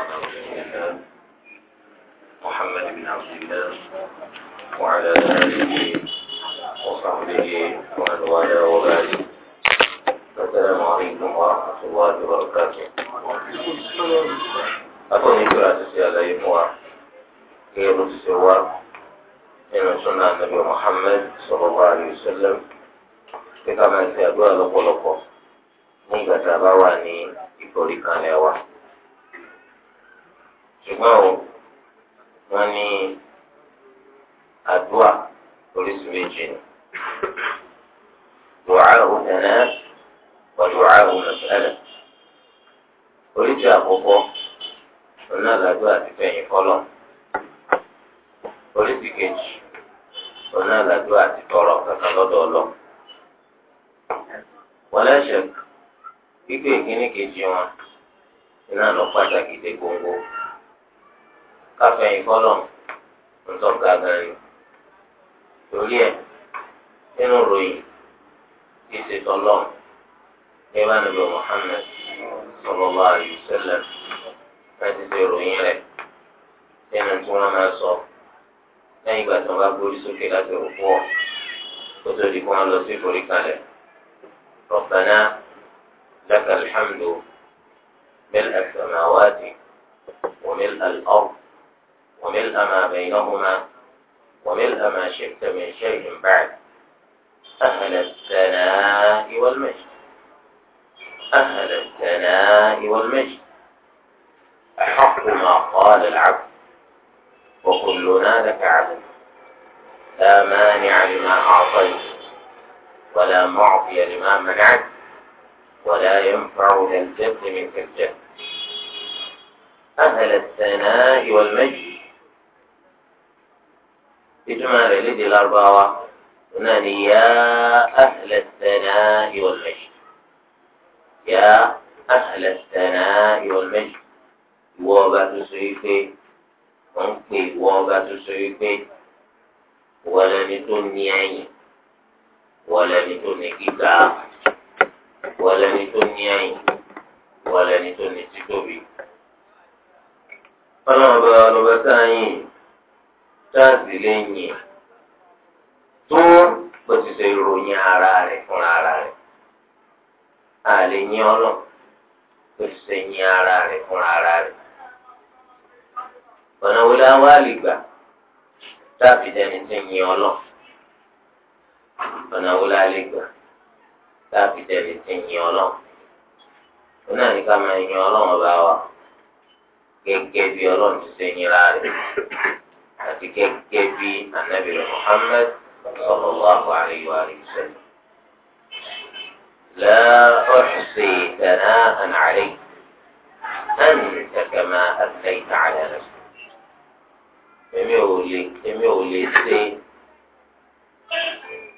وعلى رسول الله محمد بن عبد الله وعلى آله وصحبه ومن والاه وبارك السلام عليكم ورحمة الله وبركاته أكون يقول أساسي على يموع هي بسوا سنة النبي محمد صلى الله عليه وسلم كما سيدوا لقلقه nígbà tá bá wà ní ìforíkanlẹ̀ wa. ṣùgbọ́n o wọ́n ní àdúrà oríṣi méjì ni dùwà òkànnà wà dùwà òmùsàlẹ̀ oríṣi àkọ́kọ́ ọ̀nà àdúrà ti fẹ̀yìn fọlọ́ oríṣi kejì ọ̀nà ti tọrọ kankan lọ́dọ̀ ọlọ́ wọlé ṣe ìkíní kejì wọn iná lọ pàtàkì dé gbogbo. káfẹ̀yìn kọ́lọ̀ ńtọ́ gàgà rẹ̀ torí ẹ̀ nínú ròyìn kí ṣe tọ́lọ́ gẹ́gẹ́ níbi Muhammad sallallahu alaihi wasallam láti ṣe ròyìn rẹ̀ nínú tí wọ́n máa sọ lẹ́yìn ìgbà tí wọ́n bá gbórí sókè láti rò ọ kó tó di kó wọ́n lọ sí ìforí kalẹ̀ Rabbana lakal hamdu mil as-samawati wa mil al-ard. وملء ما بينهما وملء ما شئت من شيء بعد أهل الثناء والمجد أهل الثناء والمجد أحق ما قال العبد وكلنا لك عبد لا مانع لما أعطيت ولا معطي لما منعت ولا ينفع للجد منك الجد أهل الثناء والمجد ìtumọ̀ rẹ̀ lédè lárúbáwá náà ni yá ahlẹ̀ sẹ́nà ìwọ̀lmẹ́jì yá ahlẹ̀ sẹ́nà ìwọ̀lmẹ́jì ìwọ ọba tó so yìí pé wọ́n ń pè ìwọ ọba tó so yìí pé wọlẹ́ni tó ní ẹ̀yìn wọlẹ́ni tó ní gíga wọlẹ́ni tó ní ẹ̀yìn wọlẹ́ni tó ní títóbi. ọlọ́run bá ọlọ́ba sáyìn táàsì lè yìn tó bó ti ṣe ròyìn ara rẹ̀ fúnra ara rẹ̀ a lè yìn ọlọ́ bó ti ṣe yìn ara rẹ̀ fúnra ara rẹ̀ ọ̀nà wo la wá lè gbà táàbì dẹni tí ń yìn ọlọ́ ọ̀nà wo la lè gbà táàbì dẹni tí ń yìn ọlọ́ ó náà ní ká máa yìn ọlọ́run ọba wa gẹ́gẹ́ bí ọlọ́run ti ṣe yìn ara rẹ̀ àti gẹ́gẹ́ bí anabi muhammed sallallahu alayhi wa sallam. لا أحصي ثناء عليك أنت كما أثنيت على نفسك èmi ò lè èmi ò lè ṣe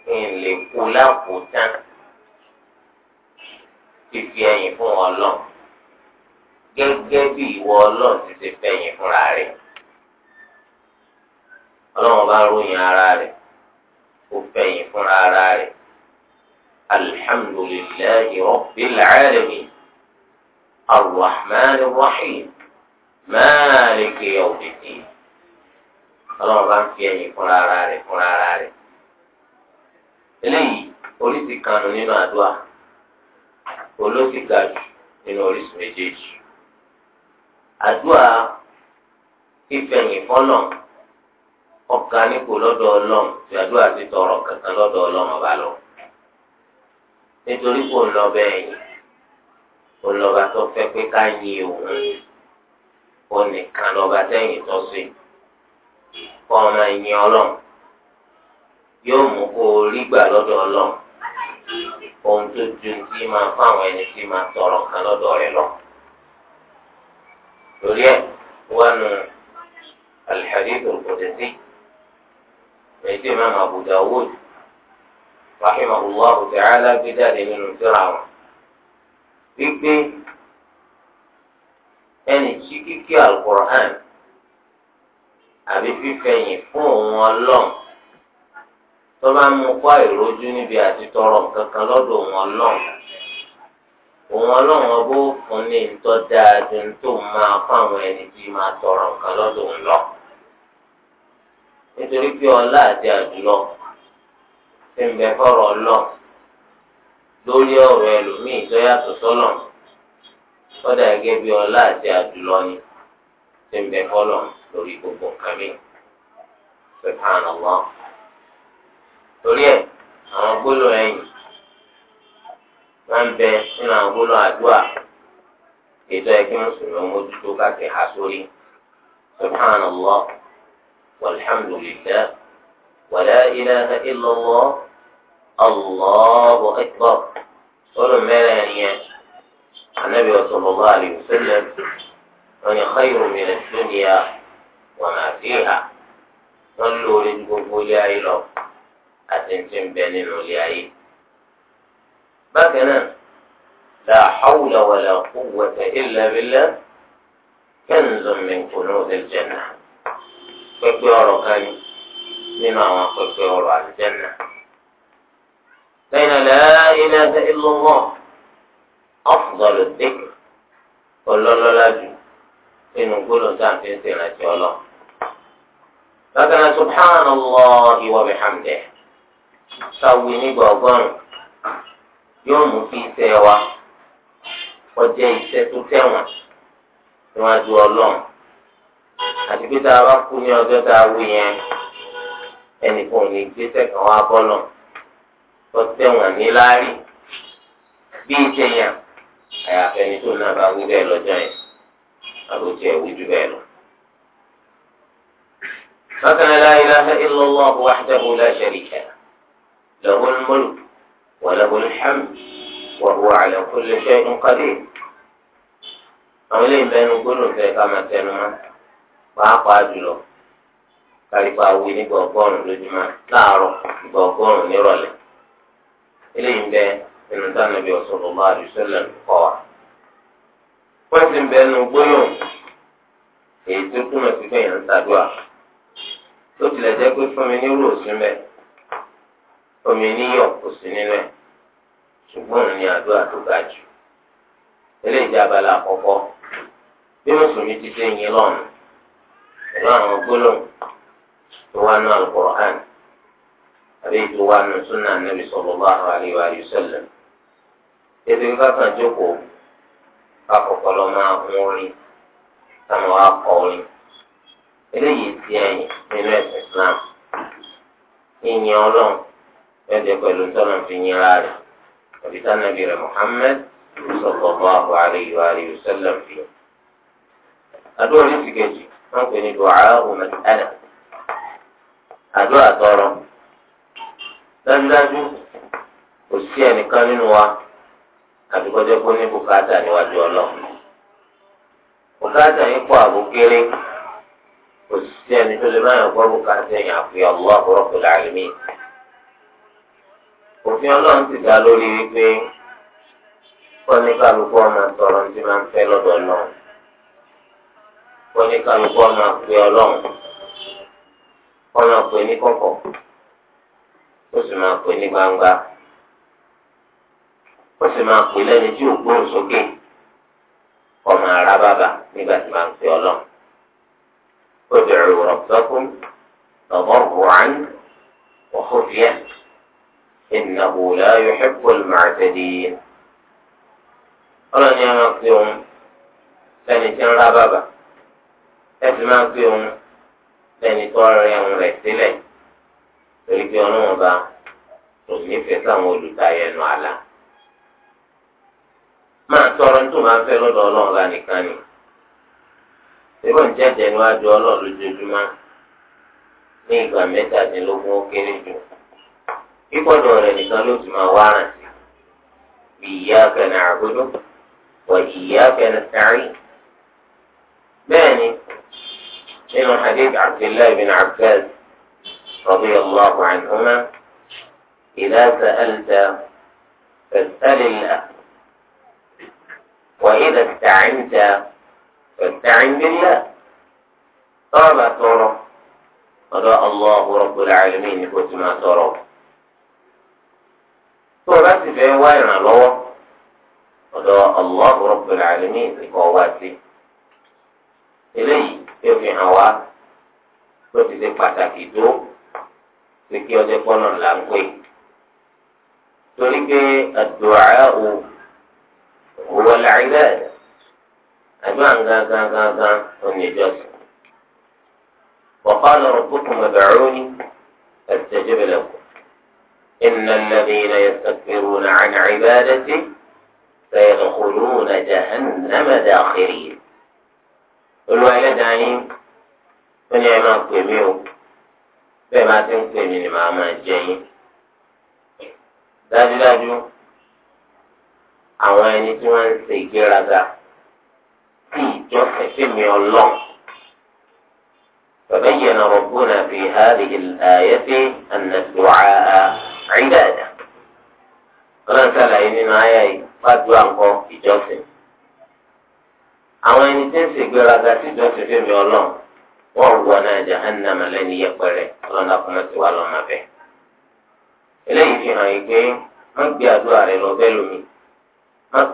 kí n lè kú lápò tán fífi ẹ̀yìn fún Ọlọ́run gẹ́gẹ́ bí ìwọ Ọlọ́run ti ṣe fẹ̀yìn fúnra rẹ̀ ọlọ́run bá ròyìn ara rẹ̀ ó fẹ̀yìn fúnra ara rẹ̀ alhamdulillahi rabbil alamin arrahman rahim maliki yawmiddin ọlọ́run bá ń fi ẹ̀yìn fúnra ara rẹ̀ fúnra ara rẹ̀ eléyìí oríṣi kanu nínú àdúrà olóṣì ga nínú oríṣi méjèèjì fífẹ̀yìn fọ́nà. ọ̀gá nípò lọ́dọ̀ ọlọ́run tí àdúrà ti tọrọ kankan lọ́dọ̀ ọlọ́run ọba lọ. nítorí kò ń lọ bẹ́ẹ̀ yìí ó lọ́ba tó fẹ́ pé ká yin òun ó nìkan lọ́ba tẹ̀yìn tọ́ sí kọ́ ọmọ ìyìn ọlọ́run yóò mú kó o rí gbà lọ́dọ̀ ọlọ́run ohun tó ju tí máa fáwọn ẹni tí máa tọrọ kan lọ́dọ̀ rẹ̀ lọ. torí ẹ̀ wọ́n nu alḥadith al-Qudsi. èyí tí m'abu Abu Dawud rahimahullahu ta'ala gbé jáde nínú síra wọn wípé ẹnì tí kíkí alukur'an àbí fífẹ̀yìn fún òun ọlọ́run tó bá mú àti tọrọ òun ọlọ́run òun fún ntọ́ dáa ju máa fún àwọn ẹni tí máa tọrọ nǹkan lọ́dọ̀ nítorí pé ọlá àti àdúlọ ti ń bẹ fọ̀rọ̀ lọ lórí ọ̀rọ̀ ẹlòmíì tó yàtọ̀ sọlọ kódà gẹ́gẹ́ bí ọlá àti ni ń bẹ lórí gbogbo torí ẹ àwọn máa ń bẹ nínú àwọn àdúrà ètò ẹgbẹ́ mùsùlùmí káàkiri والحمد لله ولا إله إلا الله الله أكبر صلوا ملانية النبي صلى الله عليه وسلم من خير من الدنيا وما فيها صلوا للجبول يا إله أتنتم بين العلياء بكنا لا حول ولا قوة إلا بالله كنز من كنوز الجنة pẹpẹ ọ̀rọ̀ kan ni nínú àwọn pẹpẹ ọ̀rọ̀ àlùjẹnà lẹ́yìn ọlẹ ilé ẹsẹ ìlúwọ ọfùdọlù dẹkẹ ọlọlọlá jù nínú gbólóńtà fi ń ṣèrántí Ọlọ́run lọ́kànnà subhanallahi wa bihamdihi sáwìí nígbà ọgọ́rùn yóò mú kí iṣẹ́ wa ọjẹ́ iṣẹ́ tó tẹ̀wọ̀n níwájú Ọlọ́run àti pé tá a bá kú ní ọjọ́ tá a wí yẹn ẹnìkan ò ní gbéṣẹ́ kan wá bọ́lọ̀ tó tẹ̀wọ̀n ní láárí bí ìṣẹ̀yàn àyàfẹ́ni tó náà bá bẹ́ẹ̀ lọ́jọ́ yẹn àbójú ẹ̀ jù bẹ́ẹ̀ lọ. فكان لا إله إلا الله وحده لا شريك له له الملك وله الحمد وهو على كل شيء قدير أولين بين قلوب كما تنمى pàápàá jùlọ kárípa awi nígbà ọgọ́rùn lójúmọ́ láàárọ̀ nígbà ọgọ́rùn nírọ̀lẹ́ eléyìí ń bẹ nínú dánàbí ọsọlọ bá àdùsọlẹ kọ wa wọn ti ń bẹ nínú gbólóhùn èyí tó túmọ̀ sí pé ń tó tilẹ̀ jẹ́ pé fún mi nírú omi níyọ̀ kò sí nínú ẹ̀ ṣùgbọ́n àdúrà tó pẹ̀lú àwọn gbólóhùn tó wá Al-Qur'an àbí tó wá nù Sunnah Nabi sallallahu alaihi wa sallam. Ebi ń kákan jókòó kakọ̀kọ̀ lọ máa ń táwọn akọ Eléyìí ti ẹ̀yìn nínú ẹ̀sìn Islam. Ìyìn ọlọ́run ẹ̀jẹ̀ pẹ̀lú tọ́lọ̀ fi fi. Adúlọ̀ ní ti wọ́n pè ní du'a mas'ala àdúrà tọrọ dájúdájú kò sí ẹnìkan nínú wa àbíkọjọ kó ní bùkátà níwájú Ọlọ́run bùkátà yìí pọ̀ àbúkéré kò sí ẹni tó lè má yàn gbọ́ bùkátà yìí àfihàn Allahu Rabbul Alamin òfin Ọlọ́run ti dá lórí wípé kọ́ni kálukú ọmọ tọrọ ní ti máa ń fẹ́ lọ́dọ̀ Ọlọ́run oníkanukú ọmọ àpè ọlọ́run ọmọ àpè ní kọ̀kọ̀ ó sì máa pè ní gbangba ó sì máa pè lẹ́ni tí ò gbóhùn sókè ọmọ ara bàbà nígbà tí máa ń pè ọlọ́run ó bẹ̀rù rabbakum tadarru'an wa khufyah innahu la yuhibbul mu'tadin ọlọ́ni ọmọ àpè òun sẹ́ni tí ń ra bàbà ẹsẹ máa gbé òun lẹni tó rẹ òun rẹ sílẹ̀ torí pé Ọlọ́run bá kò nífẹ̀ẹ́ sáwọn olùdáyẹnu àlà máa tọrọ tó máa fẹ́ lọ́dọ̀ Ọlọ́run bá nìkan ni síbò ń jẹjẹ níwájú Ọlọ́run lójoojúmọ́ ní ìgbà mẹ́tàdínlógún ó kéré jù kíkọ̀dọ̀ rẹ̀ nìkan ló ti máa wá rántí iyyaka na'budu wa iyyaka nasta'in. من حديث عبد الله بن عباس رضي الله عنهما إذا سألت فاسأل الله وإذا استعنت فاستعن بالله طاب ترى قضاء الله رب العالمين يقول ما ترى ترى في وين الله قضاء الله رب العالمين ترى إليه yóò àwa hàn wá ti ṣe pàtàkì tó ṣe kí ọjọ́ pọ́nà là ń pè. torí pé àdúrà ò wọ làrídà àjọ àǹgangangangan oníjọsìn. وقال ربكم ادعوني استجب لكم إن الذين يستكبرون عن عبادتي سيدخلون جهنم داخرين olúwa ẹlẹ́dàá yín ó ní ẹ máa pè mí o bẹ́ẹ̀ máa ti ń pè mí ni màá máa jẹ yín dájúdájú àwọn ẹni tí wọ́n ń ṣe ìgbéraga sí ìjọsìn fíìmù ọlọ́run فبين ربنا في هذه الآية أن الدعاء عبادة. قرأت العلم معي قد وأنقذ في جوسم. àwọn ẹni tí ń ṣègbéraga tí ìjọ ti fi mi wọ́n wọ náà jahannama lẹ́ni yẹpẹrẹ ọlọ́run akọ́mọ ti wà lọ́mọ bẹ́ẹ̀. eléyìí fi hàn yín pé wọ́n gbé àdúrà lọ bẹ́ẹ̀ lómi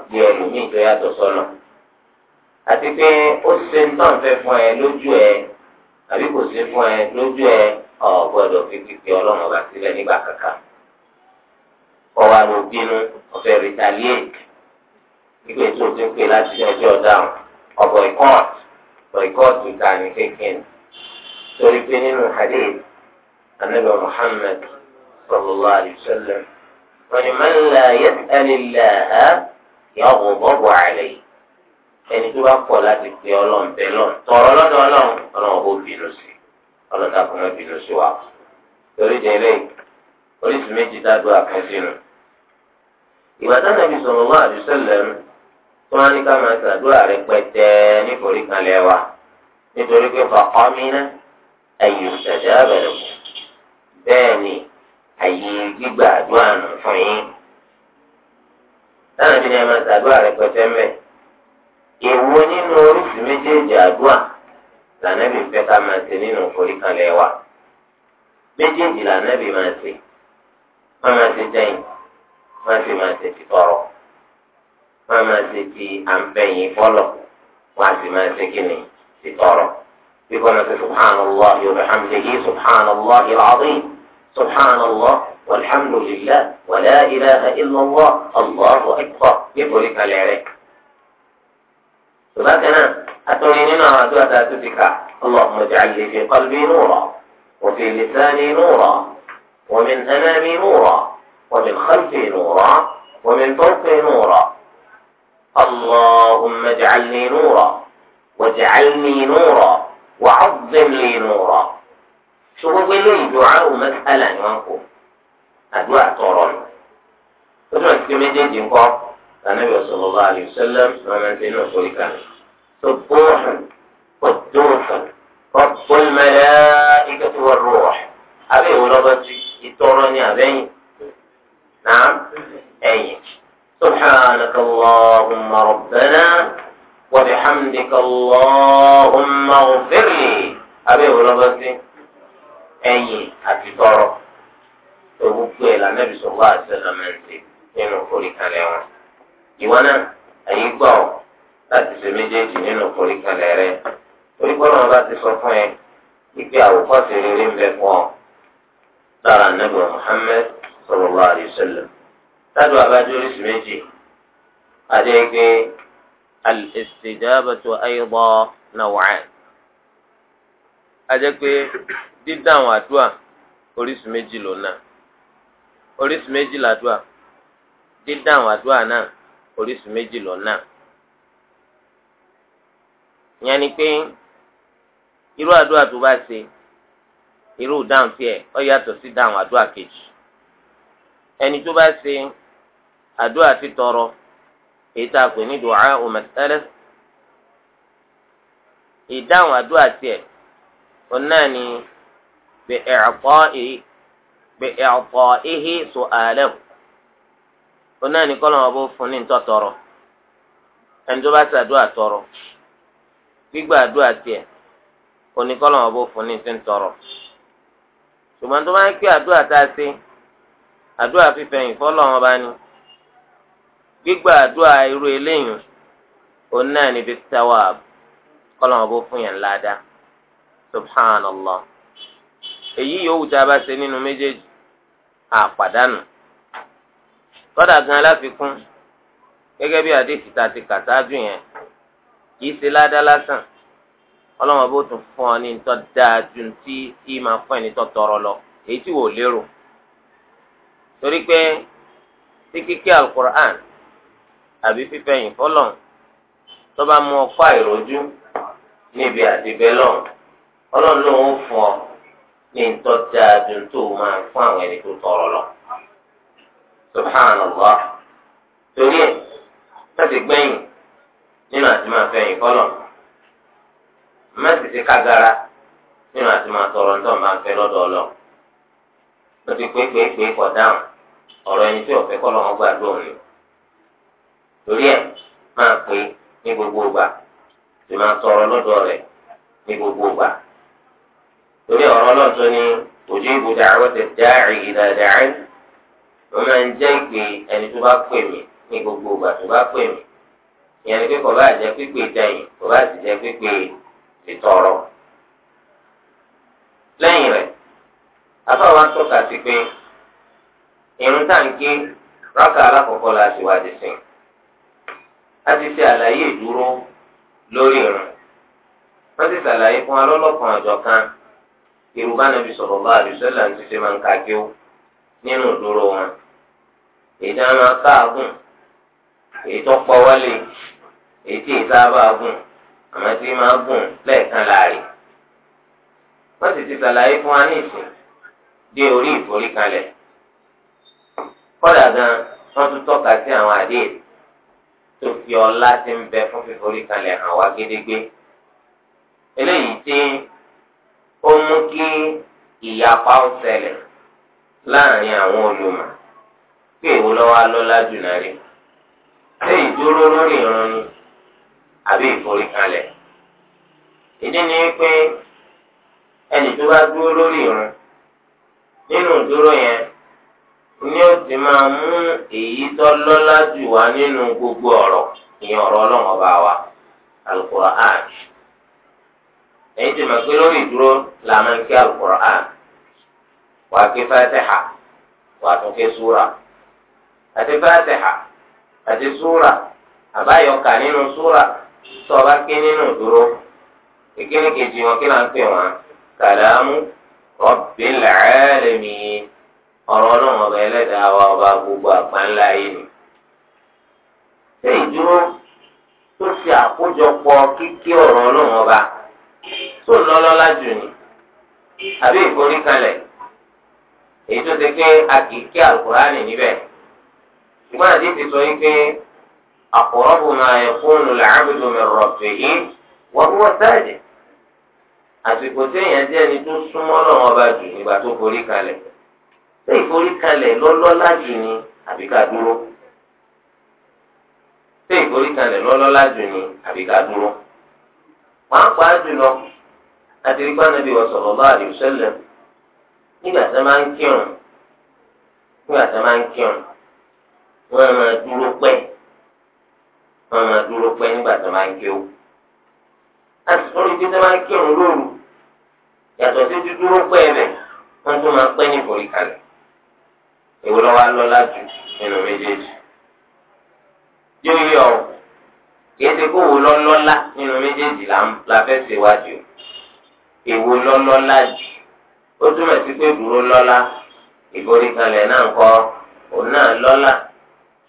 gbé ẹlòmíì tó yàtọ̀ sọ́nà àti pé ó ṣe ń tàn fẹ́ fún ẹ lójú ẹ àbí kò ṣe fún ẹ lójú ẹ ọ̀bọ̀ ìkọ́ọ̀t boycott ìta ní kékeré torí pé nínú hadith anabi muhammad sallallahu alayhi wa sallam wọn ni man la yas'alillaha yaghdabu alayhi ẹni tó bá kọ̀ láti pe ọlọ́run bẹ́ẹ̀ lọ́n tọ̀rọ̀ lọ́dọ̀ ọlọ́run ọlọ́run ó bínú sí ọlọ́dà kan ó bínú sí wa torí délé oríṣi méjì dá kan sínú ìgbà táwọn ẹbí sallallahu alayhi wa tí wọ́n ní ká máa ṣàdúrà rẹ̀ pẹ́tẹ́ nítorí kan lẹ́ wa nítorí pé fàkọ́mínà ẹ̀yìn ìṣẹ̀dá bẹ̀rẹ̀ kù bẹ́ẹ̀ ni àyè gbígbà àdúrà nù fún yín. táwọn ìdílé máa ṣàdúrà rẹ̀ pẹ́tẹ́ mẹ́ èwo nínú oríṣi méjèèjì àdúrà lànàbì fẹ́ ká máa ṣe nínú ìforí kan lẹ́ wa méjèèjì lànàbì máa ṣe wọ́n máa ṣe jẹ́yìn wọ́n sì máa ṣe títọ́rọ̀. wọn ma ṣe ti àǹfẹ̀yìn fọlọ̀ wọn a sì máa ṣe kíni ti tọrọ bí kò náà ṣe subhanallah yorùbá hamdihi subhanallah al-azim subhanallah walhamdulilah wàlá ilaha illallah allahu akbar nítorí kalẹ̀ rẹ̀. ṣùgbọ́n أتوني منها أدوات أتتك اللهم اجعل لي في قلبي نورا وفي لساني نورا ومن أمامي نورا ومن خلفي نورا ومن فوقي نورا اللهم اجعلني نورا واجعلني نورا وعظم لي نورا شو هو اللي دعاء مسألة نوانكو أدواء طورون فجوة كما جيد ينقر النبي صلى الله عليه وسلم ومن في نوصول كان صبوحا رب الملائكة والروح هذه أبي ولغتي يتوروني أبين نعم أيش سبحانك اللهم ربنا وبحمدك اللهم اغفر لي أبي ولبسي أي أتطرق gbogbo ẹ̀ la nẹ́bi sọ̀rọ̀ àṣẹlẹ̀mẹ̀ntì nínú foríkalẹ̀ wọn. ìwọ náà àyè gbà ọ́ láti ṣe méjèèjì nínú foríkalẹ̀ rẹ. oríkọ́nà bá ti sọ fún ẹ ìpè àwòkọ́ṣe rere ń bẹ fún ọ. lára nẹ́bi Muhammad sọ̀rọ̀ àṣẹlẹ̀. sádù abadu oríṣi méjì adé pé al-istijabatu aydan naw'an adé pé dídá àwọn meji oríṣi méjì lónà ladua méjì làdúrà dídá àwọn àdúrà náà oríṣi méjì lọ́nà. ni pé irú àdúrà tó bá se, irú dáhùn tiẹ̀ ó yàtọ̀ sí dáhùn kejì. ẹni tó bá àdúrà ti tọrọ èyí tá a pè ní du'a mas'ala ìdáhùn àdúrà tiẹ̀ òun náà ni bi i'ta'ihi bi i'ta'ihi su'alahu òun náà ni kọ́lọ́n ọ̀bọ fún ní ntọ́ tọrọ ẹni tó bá ṣàdúrà tọrọ gbígbà àdúrà tiẹ̀ òun ni kọ́lọ́n fún ní ti ń tọrọ tó bá ń pè àdúrà tá a ṣe àdúrà fífẹ̀yìn fọ́lọ́n ọba ni gbígbà àdúrà irú eléyìí òun náà níbi tawab kọ́lọ́mọ̀ bó fún yẹn ńláda subhanallah èyí yòówù tá a bá ṣe nínú méjèèjì àpàdánù tọ́dà gan aláfikún gẹ́gẹ́ bí àdéhùn tá a ti kà sáájú yẹn kìí ṣe ládá lásán ọlọ́mọ̀ bó tún fún ọ ní ntọ́ dáa ju ti máa fún ẹni tó tọrọ lọ èyí tí wò lérò torí pé tí kíké alukur'an àbí fífẹ̀yìn fọlọ́n tó bá mú ọkọ àìrójú níbi àtibẹ́lọ̀ ọlọ́run ló ń fún ọ ní ntọ́jà dùn tó máa fún àwọn ẹni tó tọrọ lọ. subhanallah torí ẹ̀ láti gbẹ̀yìn nínú àti máa fẹ̀yìn kágara nínú àti máa tọrọ ntọ́ máa ni. torí ẹ̀ máa pè ní gbogbo ìgbà sì máa sọ̀rọ̀ ọrụ rẹ̀ ní gbogbo ìgbà torí ọ̀rọ̀ náà tó ní òjò ìbùdó àwọn tẹ̀ dáàrí ìdàdà mo máa ń jẹ́ ìpè ẹni tó bá pè mí ní gbogbo ìgbà tó bá pè mí ìyẹn ni pé kò bá pípé kò bá sì pípé sí pé irun rákà alákọ̀ọ́kọ́ la a ti ṣe àlàyé ìdúró lórí ìrìn wọ́n ti ṣàlàyé fún alọ́lọ́kan àjọkan yorùbá nàbì sallallahu alaihi wasallam ti ṣe máa ń ka kíó nínú ìdúró wọn èdè àwọn akáàgùn èyí tó pọ̀ wọlé èyí tí ìsáábà gùn àmọ́ máa gùn lẹ́ẹ̀kan láàrin wọ́n sì ti ṣàlàyé fún wa ní ìsìn dé orí ìforíkalẹ̀ kọ́dà gan wọ́n tún tọ́ka sí àwọn àdéhùn. tó fi ọlá ti ń bẹ fún fíforí kalẹ̀ hàn wá gédégbé eléyìí tí ó mú kí ìyapa ó láàrin àwọn olùmọ̀ pé èwo lọ́wọ́ lọ́lá jù rí ṣé ìdúró lórí ni àbí ìforí kalẹ̀ ìdí ni pé ẹnì tó bá dúró lórí ní o ti máa mú èyí tó lọ́lá jù wá nínú gbogbo ọ̀rọ̀ ìyẹn ọ̀rọ̀ ọlọ́run ọba wa alukur'an èyí ti máa pé lórí ìdúró la máa ń kí alukur'an wàá ké fatiha wàá tún ké súra àti fatiha àti súra àbáyọkà nínú súra tó o bá ké nínú ìdúró ìkíni kejì wọn kí ń pè wọn ọ̀rọ̀ ọlọ́run ọba ẹlẹ́dàá wa ọba gbogbo àgbáńlá yìí ni. ṣé ìdúró tó ṣe àkójọpọ̀ kíké ọba tó lọ́lọ́lá jù ní àbí ìforíkalẹ̀ èyí tó ṣe pé a kì í kí sọ wípé àkọ́rọ́bù máa yẹ fóònù làábùdù mi yìí wọ́n wọ́n àsìkò tí èèyàn ọba jù nígbà tó forí ṣé ìforí kalẹ̀ lọ́lọ́lá jù ni àbí ká dúró ṣé ìforí kalẹ̀ lọ́lọ́lá jù ni àbí ká dúró pàápàá jùlọ àti rí pàánàbí sallallahu alaihi wasallam nígbà tí a máa ń kírun nígbà tí a máa ń kírun wọn a máa dúró pẹ́ wọn a máa dúró pẹ́ nígbà tí a máa ń kírun àti sọ́rí pé tí a máa ń kírun lóru yàtọ̀ sí dúdúró pẹ́ rẹ̀ wọ́n tún máa pẹ́ ní ìforí kalẹ̀. èwo lọ́wọ́ lọ́la jù nínú méjèèjì yóò yọ ọ kìí ṣe kó wo lọ́lọ́lá nínú méjèèjì la fẹ́ ṣe wájú Ewu lọ́lọ́lá jù ó túmọ̀ sí pé dúró lọ́lá ìforíkalẹ̀ náà kọ́ òun náà lọ́lá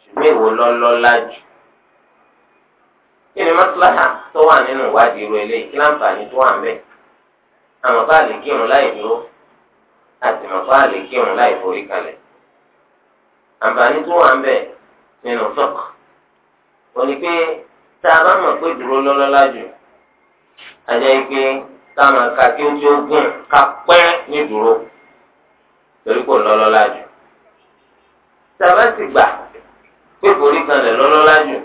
ṣùgbọ́n èwo lọ́lọ́lá jù kí ni tó wà nínú ìwádìí tó wà ń bẹ̀ bá lè kírun láì àǹfààní tó wà ń bẹ nínú fọk ò ní pé tá a bá mọ̀ pé dúró lọ́lọ́lá jù àjẹ́ pé tá a máa ka kí ó tí ó gùn ká pẹ́ ní dúró torí kò lọ́lọ́lá jù tá a bá sì gbà pé forí kanlẹ̀ lọ́lọ́lá jù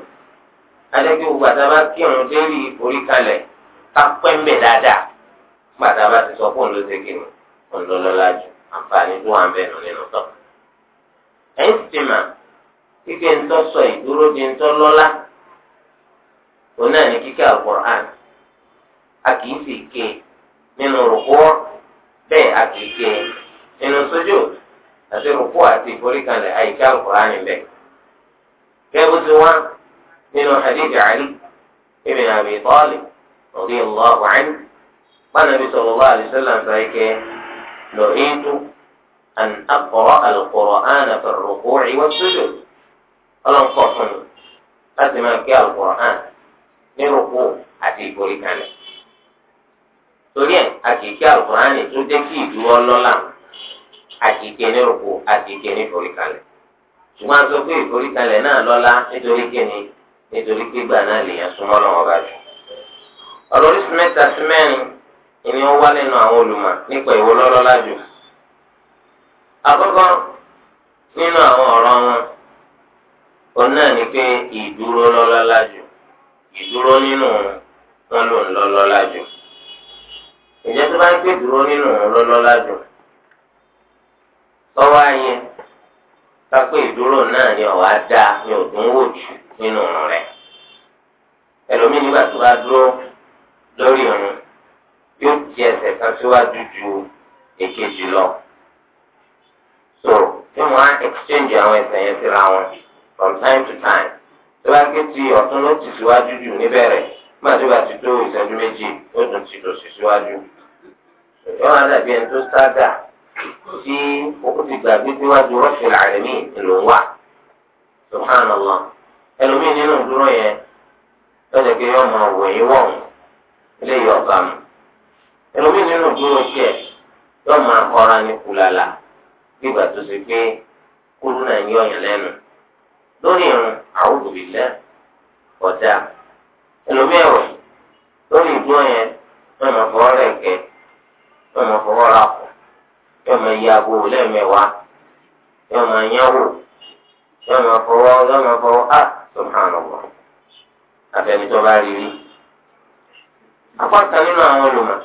àjẹ́ pé gbogbo àtàbá kírun dérí forí kanlẹ̀ ká pẹ́ ń bẹ dáadáa gbàtà bá ti sọ fún òun ṣe kí ni òun lọ́lọ́lá jù àǹfààní tó wà ń bẹ nínú fọk. ẹ̀yin ti mà kíkẹ́ ńtọ́ sọ ìdúró di ńtọ́ lọ́lá òun náà ní kíkẹ́ a kì sì ké nínú rúkú bẹ́ẹ̀ a kì ké nínú sójú àti rúkú àti ìforíkalẹ̀ àyíká alukur'an bẹ́ẹ̀. kẹ́bù ti wá nínú wọn nàbí lọ́ọ́ أن أقرأ القرآن في الركوع والسجود ألم فصل أتما كي القرآن من ركوع أتي كوري كان تولي أتي كي القرآن تودي كي دو الله أتي كي نركوع أتي كي نكوري كان ṣùgbọ́n aṣọ pé náà àkọ́kọ́ nínú àwọn ọ̀rọ̀ wọn òun náà ni pé ìdúró lọ́lọ́lá jù ìdúró nínú wọn ló ń lọ́lọ́lá jù ìjẹ́ tó bá ń pè dúró nínú wọn lọ́lọ́lá jù tọ́wọ́ ayé kápẹ́ ìdúró náà ni ọ̀wá dá ní òdúnwò jù nínú ọ̀rọ̀ rẹ̀ ẹlòmíì nígbà tó bá dúró lórí ọ̀run yóò ti ẹsẹ̀ kan síwájú ju èkejì lọ so tí wọ́n á exchange àwọn ẹ̀sìn yẹn síra wọn from time to time tó bá ké ti ọ̀tún ló ti síwájú jù níbẹ̀rẹ̀ nígbà tó bá ti tó ìṣẹ́jú méjì ó tún ti lò sí síwájú yọ wọn dàbí ẹni tó sága tí ó ti gbàgbé síwájú rọ́ọ̀ṣì làrẹ̀mí ìlú wà subhanallah ẹlòmíì nínú ìdúró yẹn lọ́jọ́ pé yọ ọmọ wòye wọ̀n ilé yọ̀ọ̀gá mu ẹlòmíì nínú ìdúró tiẹ̀ yọ ọmọ akọ́ra ní kulala. nígbà tó ṣe pé kúrú náà ń yọyàn lẹ́nu lórí irun àwùjọ ìlẹ́ ọ̀dà ẹlòmíẹ̀wẹ̀ lórí ìjọ yẹn wọn mọ̀ fọwọ́ rẹ̀ kẹ́ wọn mọ̀ fọwọ́ rà kù yọ mọ̀ ya abo ya yọ mọ̀ yánwò yọ mọ̀ fọwọ́ yọ mọ̀ fọwọ́ á subhanallah abẹnitọ́ bá rí rí apá kan nínú àwọn olùmọ̀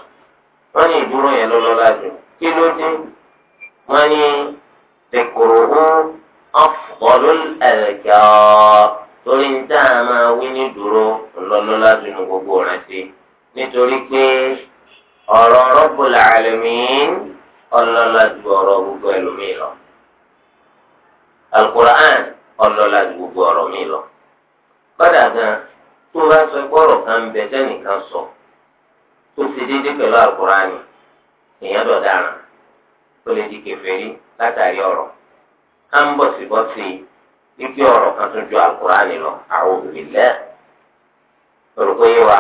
wọ́n ní ìdúró yẹn lọ́lọ́lá jù kí ló dín. wọ́n ní dẹ̀kùrùhù ọ̀fọ̀lùl ẹ̀kẹ́ torí ń tá a máa wí ní dúró lọ́lọ́lá dunu gbogbo rántí nítorí pé ọ̀rọ̀ Rabbul Alamin ọlọ́lá ju ọ̀rọ̀ gbogbo ẹlòmíì lọ. Al-Qur'an ọlọ́lá ju gbogbo ọ̀rọ̀ mi lọ. Kọ́dà gan tó bá sọ gbọ́rọ̀ kan bẹ tẹ́nìkan sọ tó ti dédé pẹ̀lú Al-Qur'an èèyàn dọ̀ dára. ó lè di kèfèrí látàrí ọ̀rọ̀ ká ń bọ̀sibọ́sì wípé ọ̀rọ̀ kan tó ju àkùránì lọ àwọn obìnrin lẹ́ olùkọ́ wa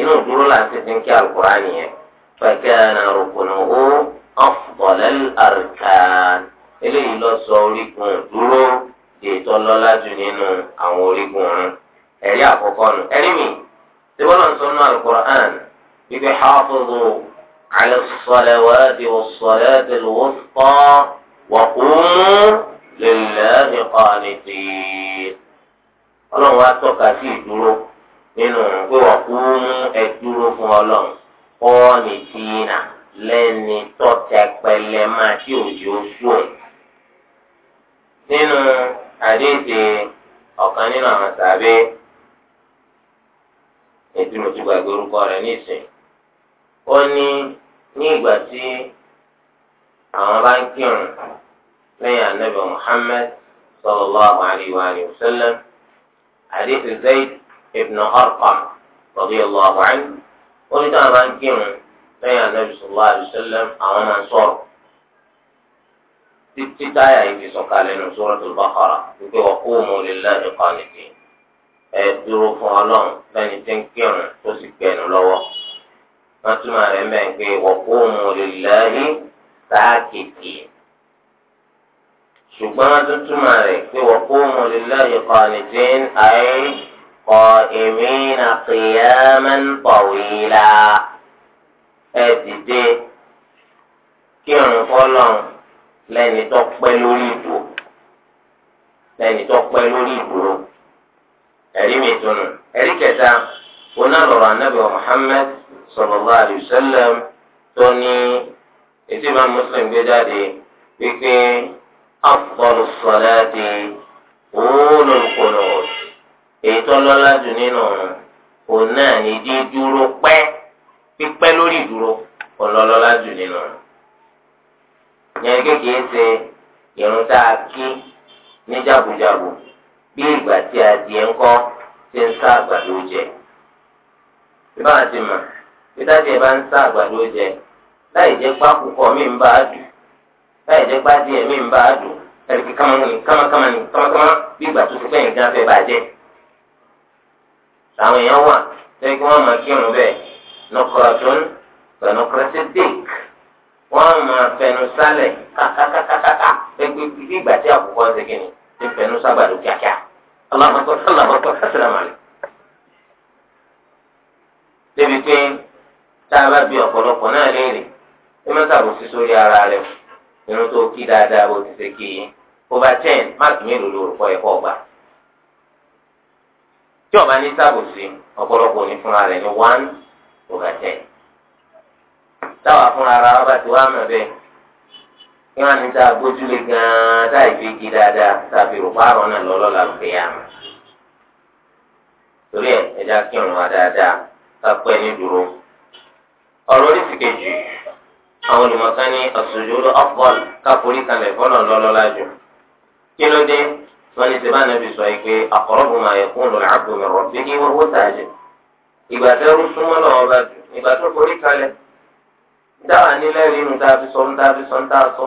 inú dúró láti fi ń kí yẹn ó àrùkàn sọ orígun dúró ètò jù nínú àwọn orígun ọ̀run ẹ̀rí àkọ́kọ́ nù ẹ̀rí mi ṣé wọ́n على الصلوات والصلاة الوسطى وقوموا لله قانتين ọlọ́run wá tọ́ka sí ìdúró nínú pé wọ́n kú mú ẹ̀dúró fún ọlọ́run kọ́ọ̀nì tìǹà lẹ́ni tọ́tẹ pẹlẹ máa tí òjò sùn. nínú àdéhìí nínú àwọn tàbí orúkọ nísìnyí ó ní. ní ìgbà tí àwọn bá ń kírun lẹ́yìn anabi muhammed sallallahu alayhi wa sallam àdéhùn zayd ibn arqam radiyallahu anhu ó ní táwọn bá ń kírun lẹ́yìn anabi sallallahu alayhi wa sallam àwọn máa ń sọ̀rọ̀ títí táyà yìí fi sọ̀kalẹ̀ nù suratul baqara wípé wa qumu lillahi qanitin ẹ̀ dúró fún ọlọ́run lẹ́ni tí ń kírun tó sì gbẹ̀nu lọ́wọ́ wọ́n túmọ̀ rẹ̀ mẹ́ pé wọ́pọ̀ òmùlélẹ́yìn sáàkìtì ṣùgbọ́n wọ́n tún túmọ̀ rẹ̀ pé wọ́pọ̀ òmùlélẹ́yìn qanitin ay qa'imina qiyaman tawila ẹ dìde kírun fọlọ́n lẹ́ni tó pẹ́ lórí ìdúró lẹ́ni tó pẹ́ lórí ìdúró ẹ̀rí mi tunu ẹ̀rí kẹta onáàlọ́rọ̀ anábìwọ̀ Muhammad. صلى الله عليه وسلم توني etí ìmọ̀ Muslim gbé أفضل الصلاة afdalu salati ulul qunut جنينه tó lọ́lá jù nínú òun náà ní dídúró pẹ́ pípẹ́ lórí ìdúró ọlọ́lọ́lá jù nínú yẹn kékeré ṣe irun tá a kí ní jagunjagun bí ìgbà tí adìẹ ń kọ́ ṣe ń sá àgbàdo jẹ. Bí báwọn ti mọ̀. títàdé bá ń sá àgbàdo jẹ láì jẹ́ pé mi ń bá a dùn láì jẹ́ pé mi ń bá a dùn ẹ̀ríkì kámákámá ni kámákámá bí ìgbà tó ti fẹ́ yìí dáfẹ́ bàjẹ́. àwọn èèyàn wà lẹ́yìn kí wọ́n máa kírun bẹ́ẹ̀ dèk wọ́n máa fẹnu sálẹ̀ tá bí ọ̀pọ̀lọpọ̀ náà léèrè ẹ má sórí ara rẹ irun tó kí dáadáa ti ṣe kí i over ten máàkì mélòó ló rò ẹ̀kọ́ ọgbà tí ọba ní ṣàbòsí ọ̀pọ̀lọpọ̀ ní fúnra rẹ ní one over ten táwa ara wa bá ti wá mọ̀ bẹ́ẹ̀ kí wọ́n ní tá gbójúlé gan-an tá ìgbé kí dáadáa tàbí rò párọ̀ náà lọ́lọ́la ló yà ọ̀rọ̀ oríṣi kejì àwọn olùmọ̀ọ́ká ní àsùjúdù afdal káforí kalẹ̀ fọ́nà lọ́lọ́lá jù kí ló dé wọ́n ní sèbá nàbì sọ yìí pé aqrabu ma yakunu al-'abdu min rabbihi wa huwa sajid ìgbà tẹ́ rú súnmọ́ lọ́wọ́ bá jù ìgbà tó forí kalẹ̀ dáhà nílẹ̀ rí nu táa fi sọ nu táa fi sọ nu sọ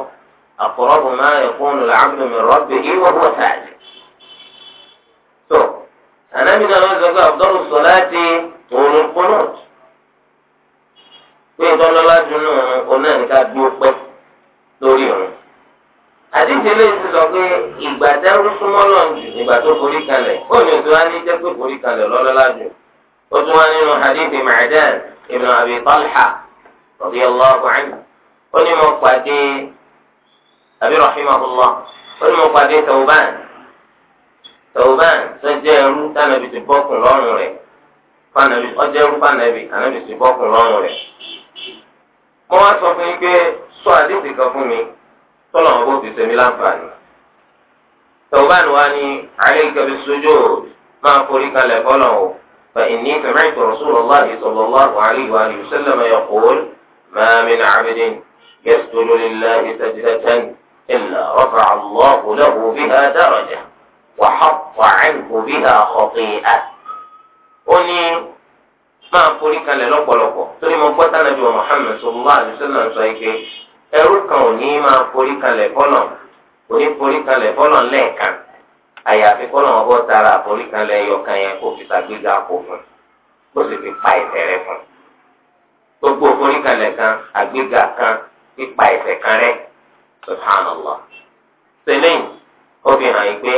aqrabu ma yakunu al-'abdu min rabbihi wa huwa sajid. tó pé ìtọ́lọ́lá dunu onáìníká dúró pẹ́ lórí òun. àdìsí eléyìí ti pé ìgbà dẹ́rú súnmọ́ náà ìgbà tó forí kalẹ̀ ó ní ìtura ní jẹ́ pé forí kalẹ̀ lọ́lọ́lá jù. ó tún wá nínú ó ní mo pàdé àbí ó ní mo pàdé kọ́ wá sọ fún yín pé sọ àdéhùn kan fún mi tọ́lọ̀ wọn bó fi sẹ́mi láǹfààní. tọ́wọ́bánu wa ni alẹ́ ìkẹ́bi sojú máa forí kalẹ̀ fọ́lọ̀ o fẹ̀yìntì fẹ̀mẹ́ ìtọ̀rọ̀sọ́rọ̀ láàyè sọ̀rọ̀ láàbù àríwá àríwísẹ́lẹ̀mẹ̀ yọ̀kọ́wọ́l mẹ́min àbẹ̀dẹ̀ yẹ́sùdúró lílẹ̀ ìsẹ̀dídẹ́tẹ́n ìlà rọ́fà àlọ́ọ̀kù lẹ́hùn bíhà dárọ̀jà wàhálà àìnkù bíhà ọ̀kìyà. ó ní máa forí kalẹ̀ lọ́pọ̀lọpọ̀ torí mo gbọ́ tánà ju Muhammad sallallahu alaihi sọ ike ẹrú kan ò ní máa forí kalẹ̀ fọlọ̀ kò ní forí kalẹ̀ tara forí kalẹ̀ yọkan yẹn kó fi kó fún kó sì fún gbogbo forí kan àgbéga kan kan ó fi hàn yí pé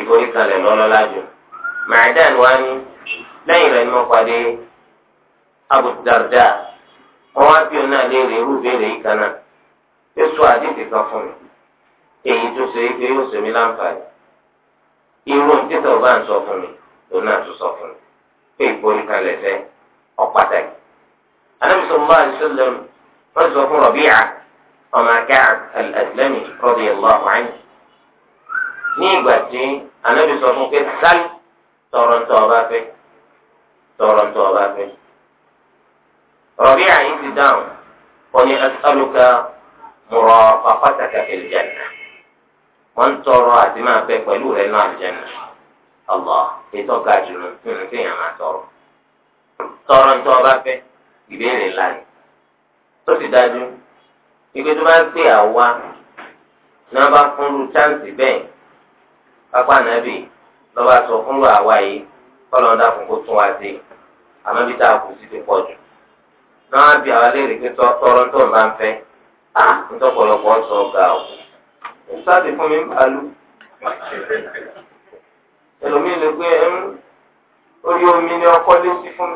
ìforí kalẹ̀ lẹ́yìn rẹ̀ ni wọ́n pàdé Abu Darda wọ́n wá bí òun náà léèrè irú ìbéèrè yìí kan náà yóò sọ àdìsí kan fún mi èyí tó ṣe pé yóò ṣe mí láǹfààní irú títọ̀ bá ń sọ fún mi òun náà tún sọ fún mi pé ìforí kan lè fẹ́ ọ̀pàtàkì. anábìsọ mọ́ àdìsọ́lẹ̀ wọ́n sọ fún Rabi'a ọmọ Ka'b al-Aslami radiyallahu ní ìgbà tí anábìsọ fún pé sálì tọrọ tọ́ ọ fẹ́. tọrọ tó ọba fẹ́. rọ̀bí ti dáhùn onye as'aluka murafaqataka fil jannah wọ́n tọrọ àti máa bẹ pẹ̀lú nọ náà ịtọ ya ma tọrọ. tọrọ ní tó ibe fẹ́ ìbéèrè tó ti dájú ìgbé tó bá ń pè àwa ní wọ́n bá fún chánsì kọlọ ń dàkún tún wá sí i bí tá a kù sí ti pọ̀ jù náà bí àwọn pé tọrọ tó ń bá ń fẹ́ á ntọpọlọpọ sọ o fún mi ń balu ẹlòmíín lè gbé ẹmu orí omi ni ọkọ lé sí fún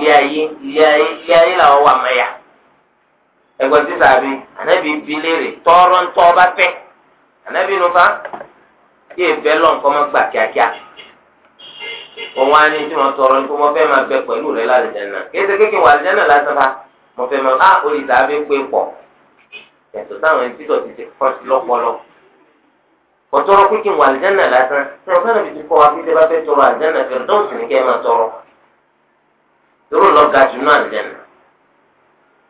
mi ayé ayé làwọn wà tọrọ ń tọ́ fẹ́ nufa. kí ìfẹ́ lọ nǹkan gbà kíákíá òun á ní tí wọ́n tọrọ ní kó fẹ́ bẹ pẹ̀lú rẹ lálẹ́jẹ̀nà kéde kékeré wà lẹ́jẹ̀nà lásán bá mo fẹ́ máa á ah, olùdá abẹ́ pé pọ̀ ẹ̀sọ́ táwọn ẹni títọ̀ ti ti kọ́ sí lọ́pọ̀lọ́ wà lásán fẹ́ràn kọ́ tọrọ fẹ́ràn tó ń sìn tọrọ lọ ga jù náà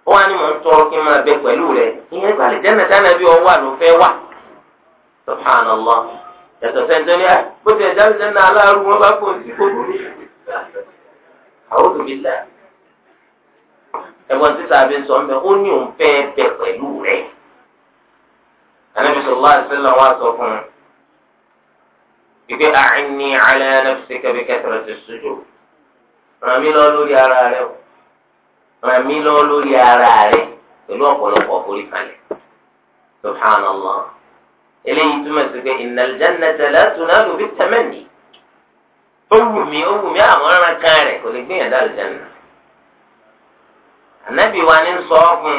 ó wá ní mò bẹ pẹ̀lú rẹ ìyẹn gbà dáná bí ọ wà ló fẹ́ wà subhanallah. yàtọ̀ sẹ́ńtẹ́lì à bó ti ẹ̀dá ṣẹ́ náà aláàrú wọn bá fòun sí kókó ní. àwọn òbí là ẹ̀gbọ́n títà àbí sọ ń bẹ ó ní òun fẹ́ bẹ pẹ̀lú rẹ̀. anábìsọ̀ wá sílẹ̀ wá sọ fún un. ìgbé àìní alẹ́ ẹnẹ́fẹ̀sì kẹfì kẹfìrẹ́ ti sojú. lọ lórí ara rẹ rami ara rẹ orí subhanallah. eléyìí túmọ̀ sí pé innal jannata la tunalu bit tamanni ó wù mí ó wù mí àwọn ọ̀ràn kan rẹ̀ kò lè gbìyànjú àlùjánnà ànábì wa ní sọ ọ́ fún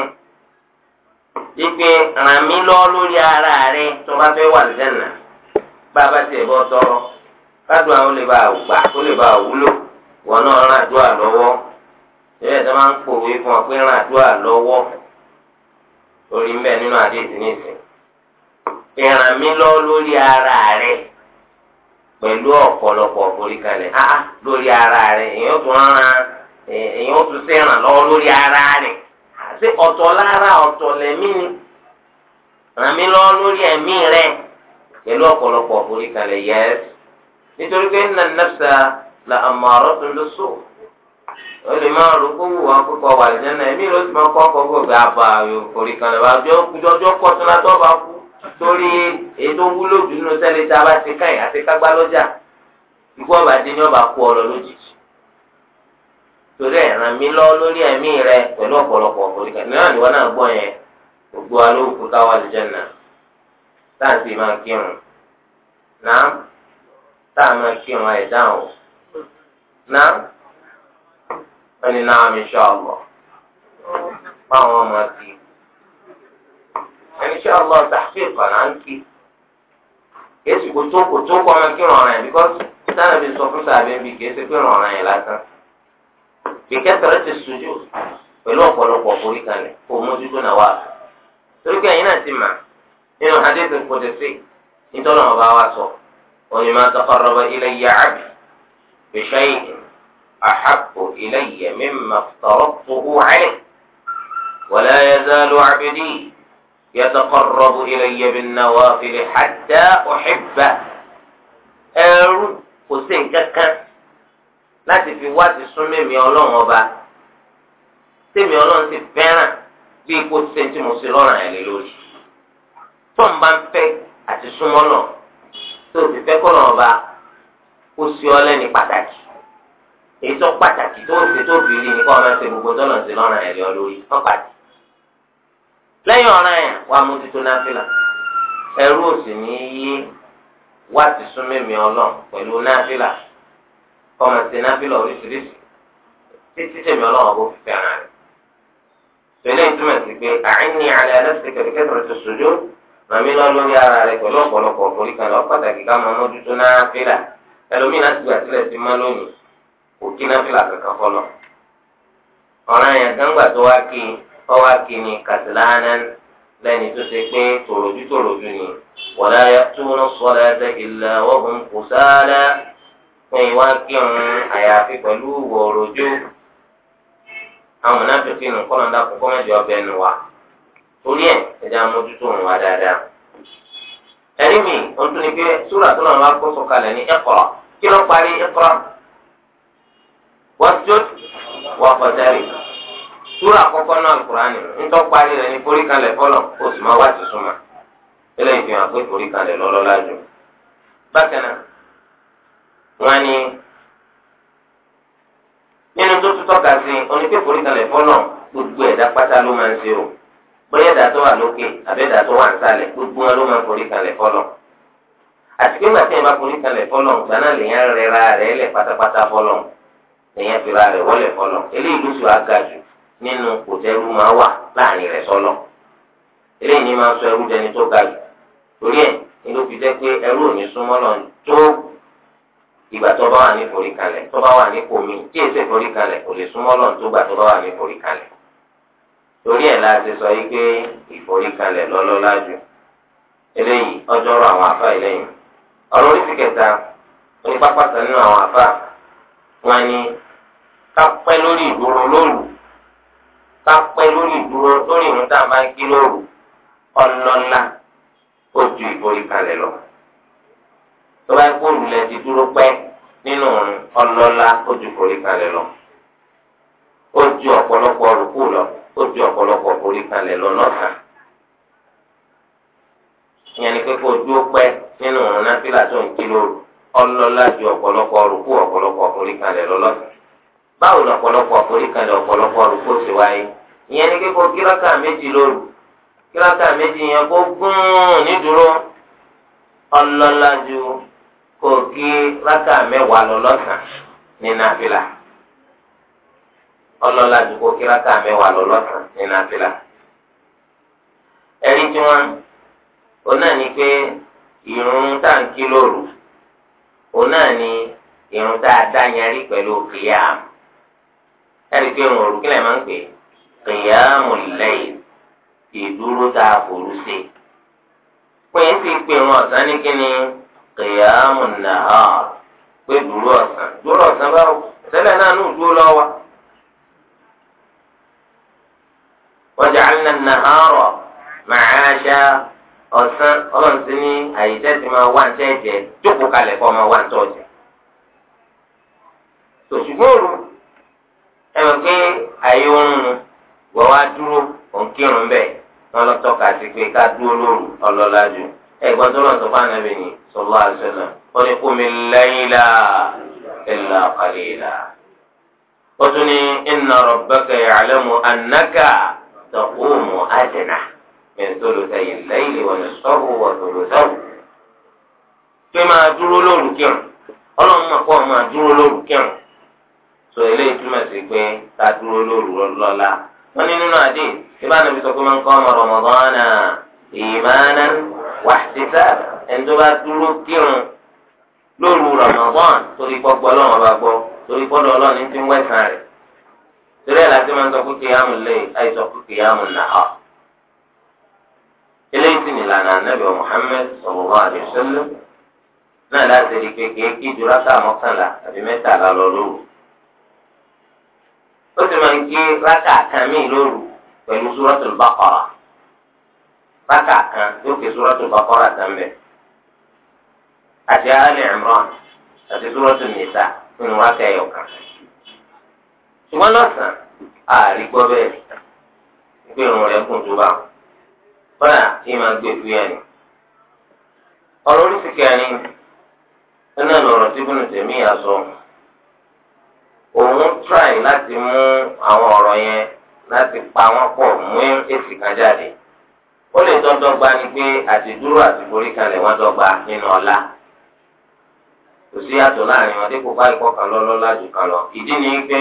un wípé ràn mí lọ lórí ara rẹ tó bá fẹ́ wà àlùjánnà bá a bá tiẹ̀ bọ́ sọ̀rọ̀ kádùn àwọn lè bá a gbà kó lè bá a wúlò wọn náà ràn àdúrà lọ́wọ́ ìrẹ́ tó máa ń pòwe fún ọ pé ràn àdúrà lọ́wọ́ orí ń bẹ nínú àdéhùn nísìnyí. ìràn mi lọ lórí ara rẹ pẹ̀lú ọ̀pọ̀lọpọ̀ foríkalẹ̀ ah, ah lórí ara rẹ èyàn tún ràn èyàn tún sí ìràn lórí ara rẹ àti ọ̀tọ̀ lára ọ̀tọ̀ lẹ̀mí ni ràn mí lọ lórí ẹ̀mí rẹ pẹ̀lú ọ̀pọ̀lọpọ̀ foríkalẹ̀ yẹs nítorí pé nna la àmọ̀ràn tó o lè máa rò kó wù wá wà lẹ́nu ẹ̀mí ló ti máa kọ́ ọkọ̀ jọjọ́ pọ̀ tó torí ètò wúlò dùnú sẹ́ni tá a bá ti káyìn àti kágbá lọ́jà ikú ọba dín ní ọba kú lójijì torí ẹ̀ ràn mí lọ lórí ẹmí rẹ pẹ̀lú ọ̀pọ̀lọpọ̀ òkòrìkà náà ni wọ́n náà gbọ́ yẹn gbogbo alóòkú káwá insha Allah tahqiq kan à ń kí kéésì kò tó kò tó kọ́ ọmọ kí rọrùn yẹn because sáà bí sọ fún sáà bẹ́ẹ̀ bí kéésì pé rọrùn yẹn lásán kìkẹ́ tẹ̀rẹ́ ti sùjú pẹ̀lú ọ̀pọ̀lọpọ̀ forí kalẹ̀ kó mójútó náà wà torí pé náà ti mà nínú hadith qudsi nítorí ọba wa sọ òní ma taqarraba ilayya abdi bi shay'in ahabbu ilayya mimma يتقرب إلي بالنوافل حتى أحبه. uhibba ẹrú kò sí nǹkan kan láti fi wá ti sún mímí ọlọ́run ọba tèmi ọlọ́run ti fẹ́ràn bí ipò ṣe tí mo ṣe lọ́ràn ẹ̀ lé lórí tó ń bá ń fẹ́ àti súnmọ́ náà tó ti fẹ́ kọ́ lọ́run kó sí ọ lẹ́ni pàtàkì èyí tó pàtàkì tó ń ṣe tó fi rí ni kọ́ ọ gbogbo tó lọ́n ṣe lọ́ràn ẹ̀ lé ọ lórí wọ́n pàtàkì. lẹ́yìn ọ̀ràn yẹn wàá mú títún náfìlà ẹrú òsì ní yí wá ti sún mímí ọlọ́run pẹ̀lú náfìlà ọmọ ti náfìlà oríṣiríṣi títí tèmi ọlọ́run kò fi fẹ́ràn rẹ̀ pẹ̀lú ìtumọ̀ sí pé àìní àlẹ́ alẹ́sẹ̀ kẹ̀kẹ́kẹ́ tó sojú màmí lọ lórí ara rẹ̀ pẹ̀lú ọ̀pọ̀lọpọ̀ òfòrí kan lọ pàtàkì ká mọ náfìlà sí lónìí kò kí náfìlà kankan fọlọ́ ọ̀ràn yẹn tó wá kí ọwọ́ akínní kàtìlánà lẹ́ni tó ṣe pé tòròjú tòròjú ni wala ya'tuna as-salata illa wa hum kusala fún ìwà kírun àyàfi pẹ̀lú wòròjú àwọn mọ̀nàfẹ́fẹ́ nù kọ́nà dàpọ̀ kọ́mẹ́jọ ọbẹ̀ nù wá torí ẹ̀ ẹ̀dá mójútó òun wá dáadáa. ẹ̀rí mi ò ń tún ni pé súrà tó náà wá kó sọ̀kalẹ̀ ní Iqra kí ló parí Iqra wọ́n tó wà pàtàkì. Sura àkọ́kọ́ náà kúránì ńtọ́parí rẹ̀ ní foríkalẹ̀ fọlọ̀ oṣù máa wá ti súnmọ́ eléyìí fi hàn pé foríkalẹ̀ lọ́lọ́ lájú. bákan náà wọn ni nínú tó tún tọ́ka sí oní pé foríkalẹ̀ fọlọ̀ gbogbo ẹ̀dá pátá ló máa ń ṣe o bóyá ẹ̀dá tó wà lókè àbẹ́ ẹ̀dá tó wà nísàlẹ̀ gbogbo wọn ló máa ń foríkalẹ̀ fọlọ̀ àti pé màtí ẹ̀ bá foríkalẹ̀ fọlọ̀ gbaná lèyàn rẹ̀ ra rẹ̀ lẹ̀ pátápátá fọlọ̀ lèyàn fi ra rẹ̀ wọlé fọlọ̀ eléyìí ló nínú kò máa wà láàrin rẹ̀ sọ́lọ̀ eléyìí ni máa sọ ẹrú dẹni tó ga jù torí ẹ̀ ni ló fi jẹ́ pé ẹrú ò ní súnmọ́ lọ tó ìgbà tó bá wà ní forí kalẹ̀ tó bá wà ní komi tí èsè forí kalẹ̀ kò lè súnmọ́ lọ tó gbà tó bá wà ní forí kalẹ̀ torí ẹ̀ la ti sọ yìí pé ìforí kalẹ̀ lọ́lọ́lá jù eléyìí ọjọ́rọ̀ àwọn afá eléyìí ọ̀rọ̀ orí ti onípápá kan nínú àwọn afá wọn ni ká pẹ́ lórí ìgboro lóru ká pẹ́ lórí ìdúró lórí ìrun tá a máa ń lóru ó ju lọ. tó bá kó olùlẹ̀ ti dúró pẹ́ nínú lọ. ó ju ọ̀pọ̀lọpọ̀ lọ ó ju ọ̀pọ̀lọpọ̀ lọ ìyẹn ni pé kó dúró pẹ́ nínú òrùn náfìlà tó ń kí lóru ju ọ̀pọ̀lọpọ̀ ìyẹn ní kíkó kíláka méjì lóru kíláka méjì yẹn kó gún ọlọ́lájú kò kí mẹ́wàá lọ lọ́sàn ní nàfìlà ọlọ́lájú kò kí mẹ́wàá lọ lọ́sàn ní nàfìlà. tí náà ní pé tá à ń kìyàmù lẹ́yìn ìdúró tá a fòrú sí. pé ń ti pè wọn ọ̀sán ní kíni kìyàmù nàá pé dúró ọ̀sán dúró ọ̀sán báwo náà nù dúró wọ́n wá dúró òǹkírun bẹ́ẹ̀ wọ́n lọ tọ́ka sí pé ká dúró lóru ọlọ́lá ẹ̀gbọ́n tó lọ ni sọlá wọ́n ní kùmí lẹ́yìnlá ẹ̀là ó tún ní iná tọ̀kùmù mẹ́tòlùtẹ̀yìn wọn sọ́wọ́ wọn pé wọ́n ní nínú àdé ìbá nàbí sọ pé máa ń kọ́ ọmọ rọmọdánà ìmáná wàhásítà ẹni tó bá dúró kírun lóru rọmọdán torí pọ́gbọ́ lọ́wọ́ bá gbọ́ torí pọ́dọ̀ ọlọ́ọ̀ni ti ń wẹ̀sán rẹ̀ torí ẹ̀ láti máa ń sọ pé kìyàmù lè àìsọ pé kìyàmù nàá eléyìí sì ní ìlànà ànábì Muhammad sallallahu alaihi wasallam náà láti rí i pé kéèké sáà mọ́kànlá àbí mẹ́tàlá lọ ó sì máa ń gbé rákà kan míì suratul rákà kan yóò fi suratul baqara kan bẹ̀ àti ali imran àti nisa nínú rákà ẹ̀yọ̀ kan ṣùgbọ́n lọ́sàn-án àárí gbọ́ bẹ́ẹ̀ ìpè ìrùn rẹ̀ kùn tó bá bọ́lá kí máa gbé ni ọ̀rọ̀ orí ti kẹrin nínú tí òun try láti mú àwọn ọ̀rọ̀ yẹn láti pa wọ́n pọ̀ mú èsì kan jáde ó lè ni pé àtìdúró àti foríkalẹ̀ wọ́n dọ́gba nínú ọlá kò sí àtọ̀ láàrin wọn dípò bá kan lọ́lọ́ lájú kan lọ ìdí ni pé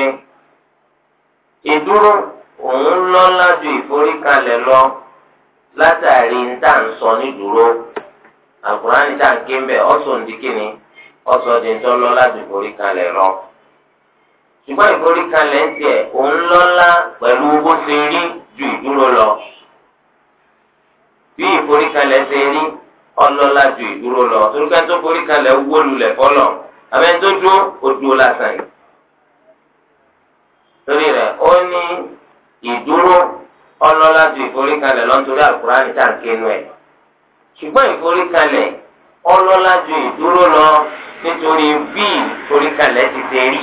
ìdúró òun lọ́lá ju ìforíkalẹ̀ lọ látàrí níta ń sọ nídúró àkùrá níta ń ké ndíkíni ṣùgbọ́n ìforí kalẹ̀ ń tiẹ̀ òun lọ́lá pẹ̀lú bó ṣe rí ju ìdúró lọ. bí ìforí kalẹ̀ ṣe rí ọlọ́lá ju ìdúró lọ torúkẹ́ tó forí kalẹ̀ wó lulẹ̀ fọlọ̀ àmẹ́ tó dúró ó dúró lásán yìí. torí rẹ̀ ó ní ìdúró ọlọ́lá ju ìforí kalẹ̀ àkùránì tá à ń kéwú ẹ̀. ṣùgbọ́n ìforí kalẹ̀ ju ìdúró lọ nítorí bí ìforí ti ṣe rí.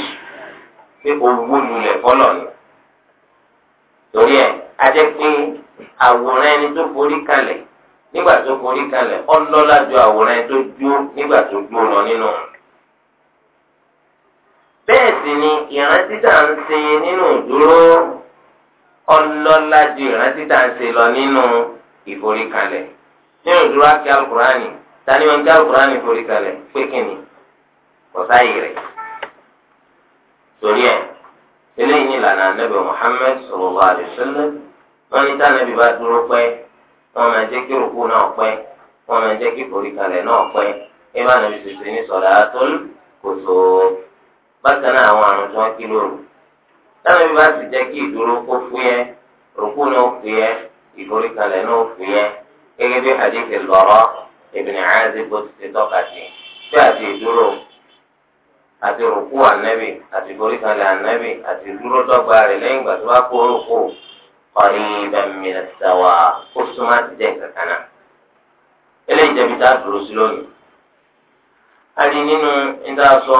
pé owó lulẹ̀ fọlọ̀ ni. torí ẹ̀ a pé àwòrán ẹni tó forí kalẹ̀ nígbà tó forí kalẹ̀ ọlọ́lá ju àwòrán ẹni tó dúró nígbà tó dúró nínú rẹ̀. bẹ́ẹ̀ sì ni ìrántí tá à ń nínú ìdúró ọlọ́lá ju ìrántí tá à ń lọ nínú nínú ìdúró akẹ́ alukurani kẹ́ alukurani pé torí ẹ̀ eléyìí ni lànà anábì Muhammad sallallahu alaihi wasallam ní tánàbí bá dúró pẹ́ wọ́n máa jẹ́ kí rúkú náà pẹ́ na máa jẹ́ kí foríkalẹ̀ náà pẹ́ ẹ nàbí tètè ní salatul kusuf bákan náà àwọn àrùn tí wọ́n kí lóru tánàbí bá sì kí ìdúró kó náà náà bí àti rùkú ànábì àti boríkalẹ̀ ànábì àti dúró dọ́gba rẹ̀ lẹ́yìn ìgbà tó bá kó rùkú kọ́ni ìdàmìnà sàwà ó súnmọ́ àti jẹ́ kankan náà. eléyìí jẹ́bi tá a dúró sí lónìí. a ní nínú níta sọ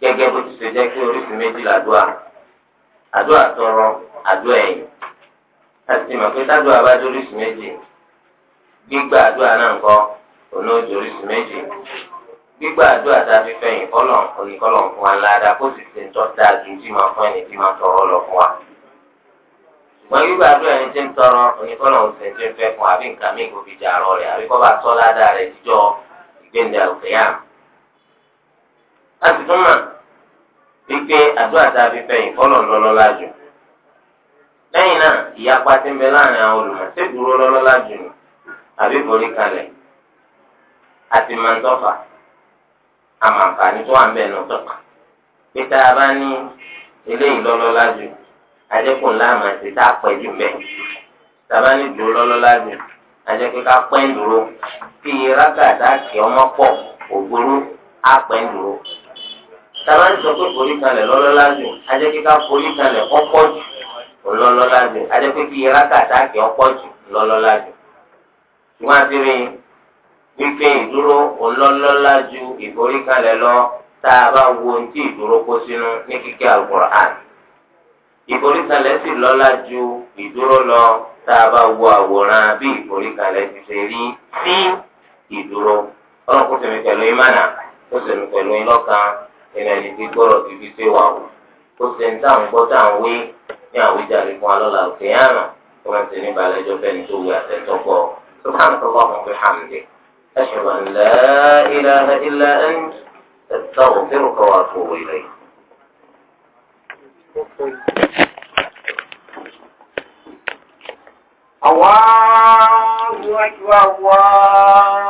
gẹ́gẹ́ bó ti ṣe jẹ́ kí oríṣi méjì làdúrà àdúrà tọrọ àdúrà ẹ̀yìn. a mọ̀ pé tádùá bá dóríṣi méjì gbígbà àdúrà náà ń kọ́ òun ó dóríṣi méjì gbígbà àdúrà tá a fi fẹ̀yìn kọ́lọ̀ oníkọ́lọ̀ fún wa ládàá kó sì ṣe ń tọ́ da kí n tí máa fún ẹni tí máa tọrọ lọ fún wa. ṣùgbọ́n gbígbà àdúrà ẹni tí ń tọrọ oníkọ́lọ̀ ń sèǹtì ń fẹ́ fún àbí nǹkan míì kò fi jà àrọ rẹ̀ àbí kọ́ bá tọ́ ládàá rẹ̀ jíjọ́ ìgbéǹda òkèèyà. a sì tún mọ̀ wípé àdúrà tá a fi fẹ̀yìn kọ́lọ̀ lọ́lọ́lá jù. lẹ́yìn náà ìyapa ti ń bẹ láàrin àwọn olùmọ̀ àti àmọ́ àǹfààní tó wà ń bẹ̀ nù tọ́pa pé tá a bá ní eléyìí lọ́lọ́lá jù ajẹ́kù ńlá àmọ́ àti a pẹ́ jù mẹ́ tá a bá ní dúró lọ́lọ́lá jù ajẹ́kù ká pẹ́ ń dúró kí rákàtà kí ọmọ pọ̀ ògbóró á pẹ́ ń dúró tá a bá ń sọ pé forí kalẹ̀ lọ́lọ́lá jù ajẹ́kù ká forí kalẹ̀ kọ́kọ́ jù lọ́lọ́lá jù ajẹ́kù kí rákàtà kí ọkọ́ jù lọ́lọ́lá jù ṣùgbọ́n àti rìn wípé ìdúró ọlọ́lọ́lá ju ìforíkalẹ̀ lọ tá a bá wo ohun tí ìdúró kó sínú ní kíkẹ́ alukur'an ìforíkalẹ̀ sì lọ́lá ju ìdúró lọ tá a bá wo àwòrán bí ìforíkalẹ̀ ti ṣe rí sí ìdúró ọlọ́run kò sèmi pẹ̀lú ìmánà kò sèmi pẹ̀lú ìlọ́kan ẹ̀rọ ẹni tí gbọ́rọ̀ ti fi ṣe wà wò kò sèmi táwọn gbọ́ táwọn wé ní àwíjàre fún alọ́lá òkè yàrá kò máa ń sèmi balẹ̀ ẹjọ́ fẹ́ni tó wù أشهد أن لا إله إلا أنت أستغفرك وأتوب إليك الله أكبر الله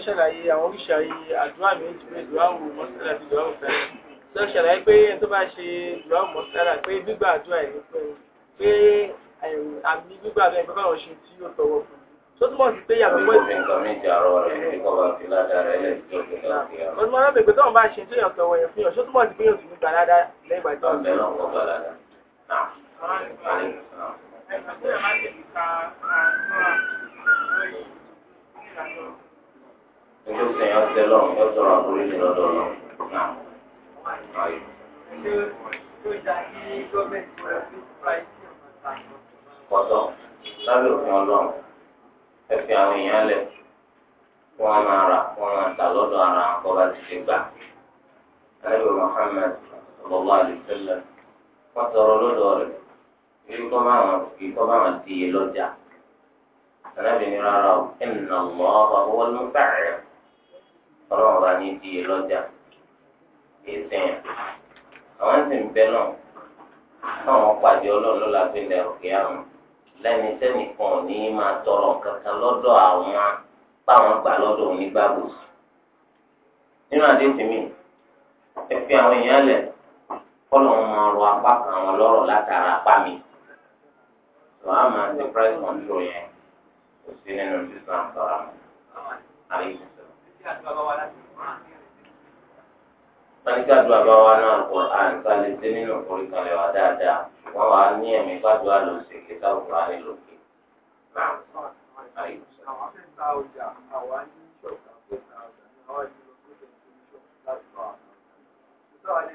ń ṣàlàyé àwọn oríṣiríṣi àdúrà méjì pé dùrà wò mọ́sálà àti dùrà wò sálà lọ ṣàlàyé pé ẹni tó bá ṣe dùrà wò mọ́sálà pé gbígbà àdúrà yìí pé pé àmì gbígbà bẹ́ẹ̀ bá báwọn ṣe tí yóò tọwọ́ fún tó túmọ̀ sí pé yàtọ̀ pé ìgbà nǹkan méjì àárọ̀ rẹ̀ ní kọ́ bá fi ládàá rẹ̀ lẹ́yìn tó kẹ́ èèyàn ṣe lọ yọ sọ̀rọ̀ àbúrò ní lọ́dọ̀ lọ. Kọ̀tọ̀ lábẹ́ òfin ọlọ́run ẹ fi àwọn èèyàn lẹ̀ kí wọ́n máa rà kí wọ́n máa tà lọ́dọ̀ ara àwọn bá ti ṣe gbà. Àlẹ́bí Mùhàmmad sallallahu alaihi wọ́n tọrọ lọ́dọ̀ rẹ̀ bí kọ́ bá wọn kì kọ́ bá wọn di iye lọ́jà. Àlẹ́bí ni rárá o, inna Allaha huwal musta'an ọlọ́run bá ní ìdíye lọ́jà èyí sẹ́yìn àwọn ń sìn bẹ́ẹ̀ náà káwọn pàdé ọlọ́run lọ́la fi lẹ̀ ọ̀kẹ́ àrùn lẹ́ni sẹ́nìkan ní máa tọrọ kankan lọ́dọ̀ àwọn báwọn gbà lọ́dọ̀ onígbàgbọ́ nínú àdéhùn mi ẹ fi àwọn èèyàn lẹ̀ kọ́lọ̀ wọn máa rọ apá kan àwọn lọ́rọ̀ látara apá mi wọ́n á máa price control yẹn kò sí nínú sísan sọ̀rọ̀ àmì. Sáníkà dùn àbáwá náà kọ́ àǹtá lè dé nínú ìforí kalẹ̀ wá dáadáa. Wọ́n wá ní ẹ̀mí gbàdúrà lọ sí kíkà òkúra ní lòkè. Náà, àyè. sáwà lè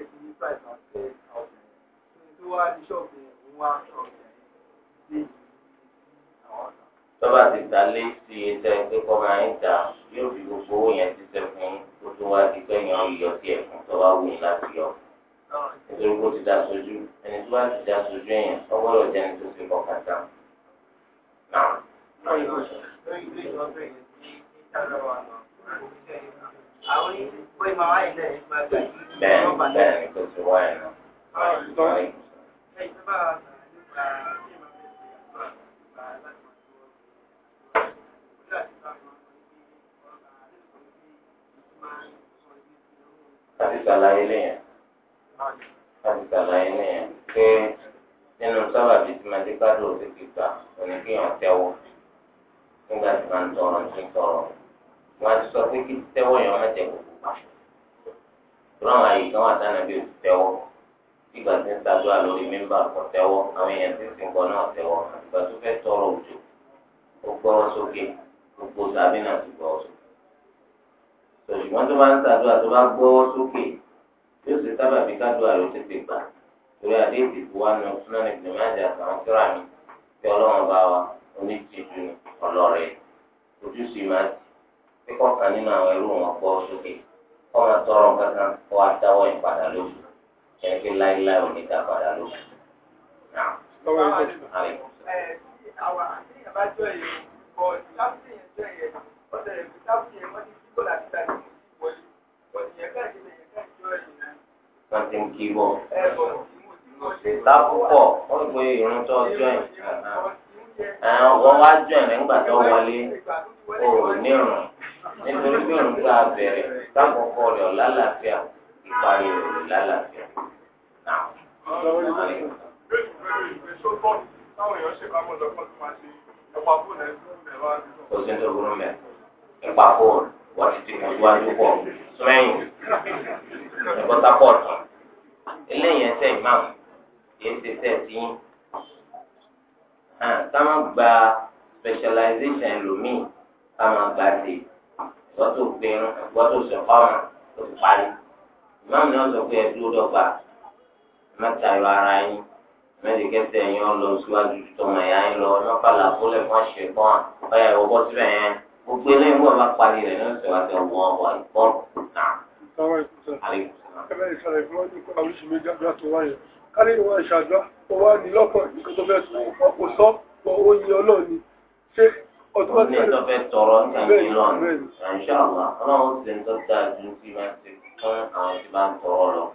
fi ní price and pay ọ̀gbìn tó wá ní ṣọ́ọ̀bù òun wá ṣọ́ọ̀bù ẹ̀yìn dé àwọn ọ̀nà tọ́ba ti ta lé sí i tẹ́ pé kọ́ máa ń ta yóò fi gbogbo owó yẹn ti tẹ fún kó tó wá di pé yẹn yọ sí ẹ̀fún tọ́ba wù yín láti yọ. nítorí kó ti da sojú ẹni tó bá ti da sojú yẹn ọgbọ́dọ̀ jẹ́ ẹni tó ti kọ́ kàtà. Bẹ́ẹ̀ni bẹ́ẹ̀ni kò sí wáyé náà. láti sàlàyé lẹ́yìn láti sàlàyé lẹ́yìn pé nínú sábàbí tí màdé kádùn òsì ti gbà òní kéèyàn tẹ́wọ́ nígbà tí màá ń tọrọ ní tọrọ wọn ti sọ pé kí tẹ́wọ́ yẹn má jẹ gbogbo pa ìrọ̀ àwọn àyè kan wà sánà bí òsì tẹ́wọ́ ìgbà tí ń ṣàdúrà lórí mímbà kò tẹ́wọ́ àwọn èèyàn tí ń sìnkọ náà tẹ́wọ́ àtìgbà tó fẹ́ tọrọ òjò ó gbọ́rọ̀ sókè gbogbo sàbí ti gbọ́rọ̀ sókè ṣùgbọ́n tó bá ń ṣàdúrà tó bá gbọ́wọ́ sókè yóò ṣe sábà bí kádùá rẹ̀ tètè gbà torí àdéhìí tó wà nù súnáà ìgbìmọ̀ àti àtàwọn kíra mi kí ọlọ́run bá wa oníjìjú ọlọ́rẹ̀ ojúṣe máa ti kíkọ́ kan nínú àwọn ẹrú wọn gbọ́ sókè kọ́ máa tọrọ kankan kó a dáwọ́ ìpadà lóṣù yẹn kí láíláí ò ní dá padà lóṣù. Àwọn àti ìyàbájọ́ yìí, ọ̀ wọ́n ti ń kí bọ̀. Ìtàkùkọ̀ pe irun tó join. Wọ́n wá join nígbà tó wọlé òòrùn nírun. Nítorí pé òun tó a bẹ̀rẹ̀ ìtàkùkọ̀ rẹ̀ lálàáfíà ìparí rẹ̀ lálàáfíà. Kò wọ́n ti ti mọ̀ síwájú pọ̀ sọ́yìn pọ́tàpọ́tù eléyìí ẹsẹ̀ imam kì í ṣe sẹ́ẹ̀tì yín táwọn gba specialization ẹlòmíì táwọn gba ṣe ìwọ́n tó gbẹrun ìwọ́n tó ṣe ọ̀run tó ti parí imam náà sọ pé ẹdúró dọ́gba mẹ́ta ìlú ara yín mẹ́tẹ̀kẹ́tẹ̀ yín ọ lọ síwájú tọmọ ẹ̀yà yín lọ ọ̀nà fàlàfólẹ̀ fún àṣẹ fún ọ ọ̀yà ìwọ́bọ̀ síbẹ̀ yẹn gbogbo eléyìí wọn bá parí rẹ̀ náà sọ wáṣẹ wọn wà ìfọrùn náà. kárí ìwọ ìṣàdúrà ó wá ní lọ́kàn nǹkan tó fẹ́ sọ ọkọ̀ sọ ó yin ọlọ́ọ̀ni ṣé ọtọ́ ní ẹ̀tọ́ fẹ́ tọrọ ní ìlọ́ọ̀nù ṣàǹṣàlá ọlọ́run ti ń tọ́jà ju tí máa ti fún àwọn tí bá ń tọrọ lọ.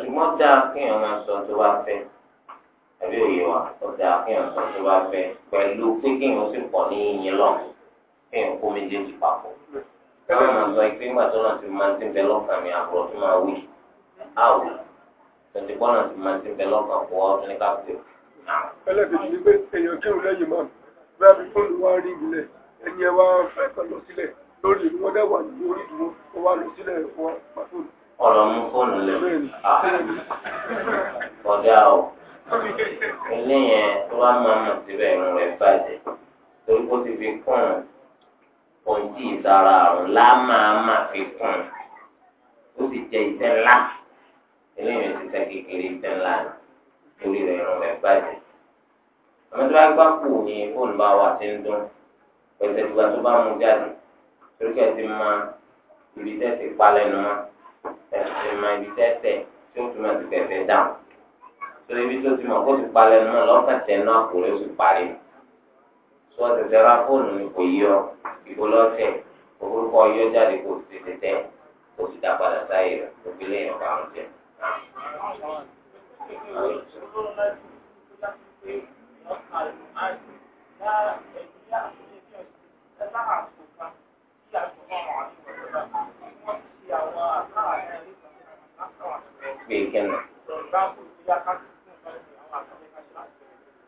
ṣùgbọ́n dáa kéèyàn máa sọ tó bá fẹ́ àbí òye wa ọ̀dà kéèyàn sọ tó bá fẹ́ pẹ̀lú pé kéèyàn sì pọ̀ ní yín lọ kéèyàn kó méjèèjì papọ̀ káwọn máa sọ pé ńgbà tó náà ti máa ti bẹ lọ́kàn mi àbúrò tó máa wí àwò tòtí pọ́ náà ti máa ti bẹ lọ́kàn kó ọ́ ní ká ẹlẹ́bìtì ni pé èèyàn kírun lẹ́yìn mọ́ bí a fi fóònù wá rí ìgbìlẹ̀ ẹni ẹ wá fẹ́ kàn sílẹ̀ lórí ìlú dẹ́wà ní ìdúró ó wá lọ sílẹ̀ wọn pàtó. ọ̀rọ̀ mú fóònù lẹ̀ ilé yẹn tó bá máa mọ̀ síbẹ̀ ìrùn rẹ̀ bàjẹ́ torí kó ti fi kún un òǹtí ìsara àrùn lá máa máa fi kún un ó sì jẹ́ iṣẹ́ ńlá ilé yẹn ti sẹ́ kékeré iṣẹ́ ńlá torí rẹ̀ ìrùn rẹ̀ bàjẹ́ àwọn tó bá gbá kù ní fóònù bá wà ti ń dún pẹ̀sẹ̀ ìgbà tó bá mú jáde torí kẹ́ ti máa ibi tẹ́ ti pa lẹ́nu mọ́ ẹ̀ ti máa ibi tẹ́ tẹ̀ tí ó túmọ̀ sí pẹ̀fẹ́ dáhùn torí ibi tó ti mọ̀ kó ti palẹ̀ náà lọ́kàn tẹ̀ náà kò lè ti parí tó o tẹ̀tẹ̀ ra fóònù ni kò yí ọ ìbò lọ́tẹ̀ orúkọ yọ jáde kò ti tẹ̀tẹ̀ kò ti dá padà sáyé rẹ̀ kò fi lè yàn bàrún jẹ. Bí kẹ́nà.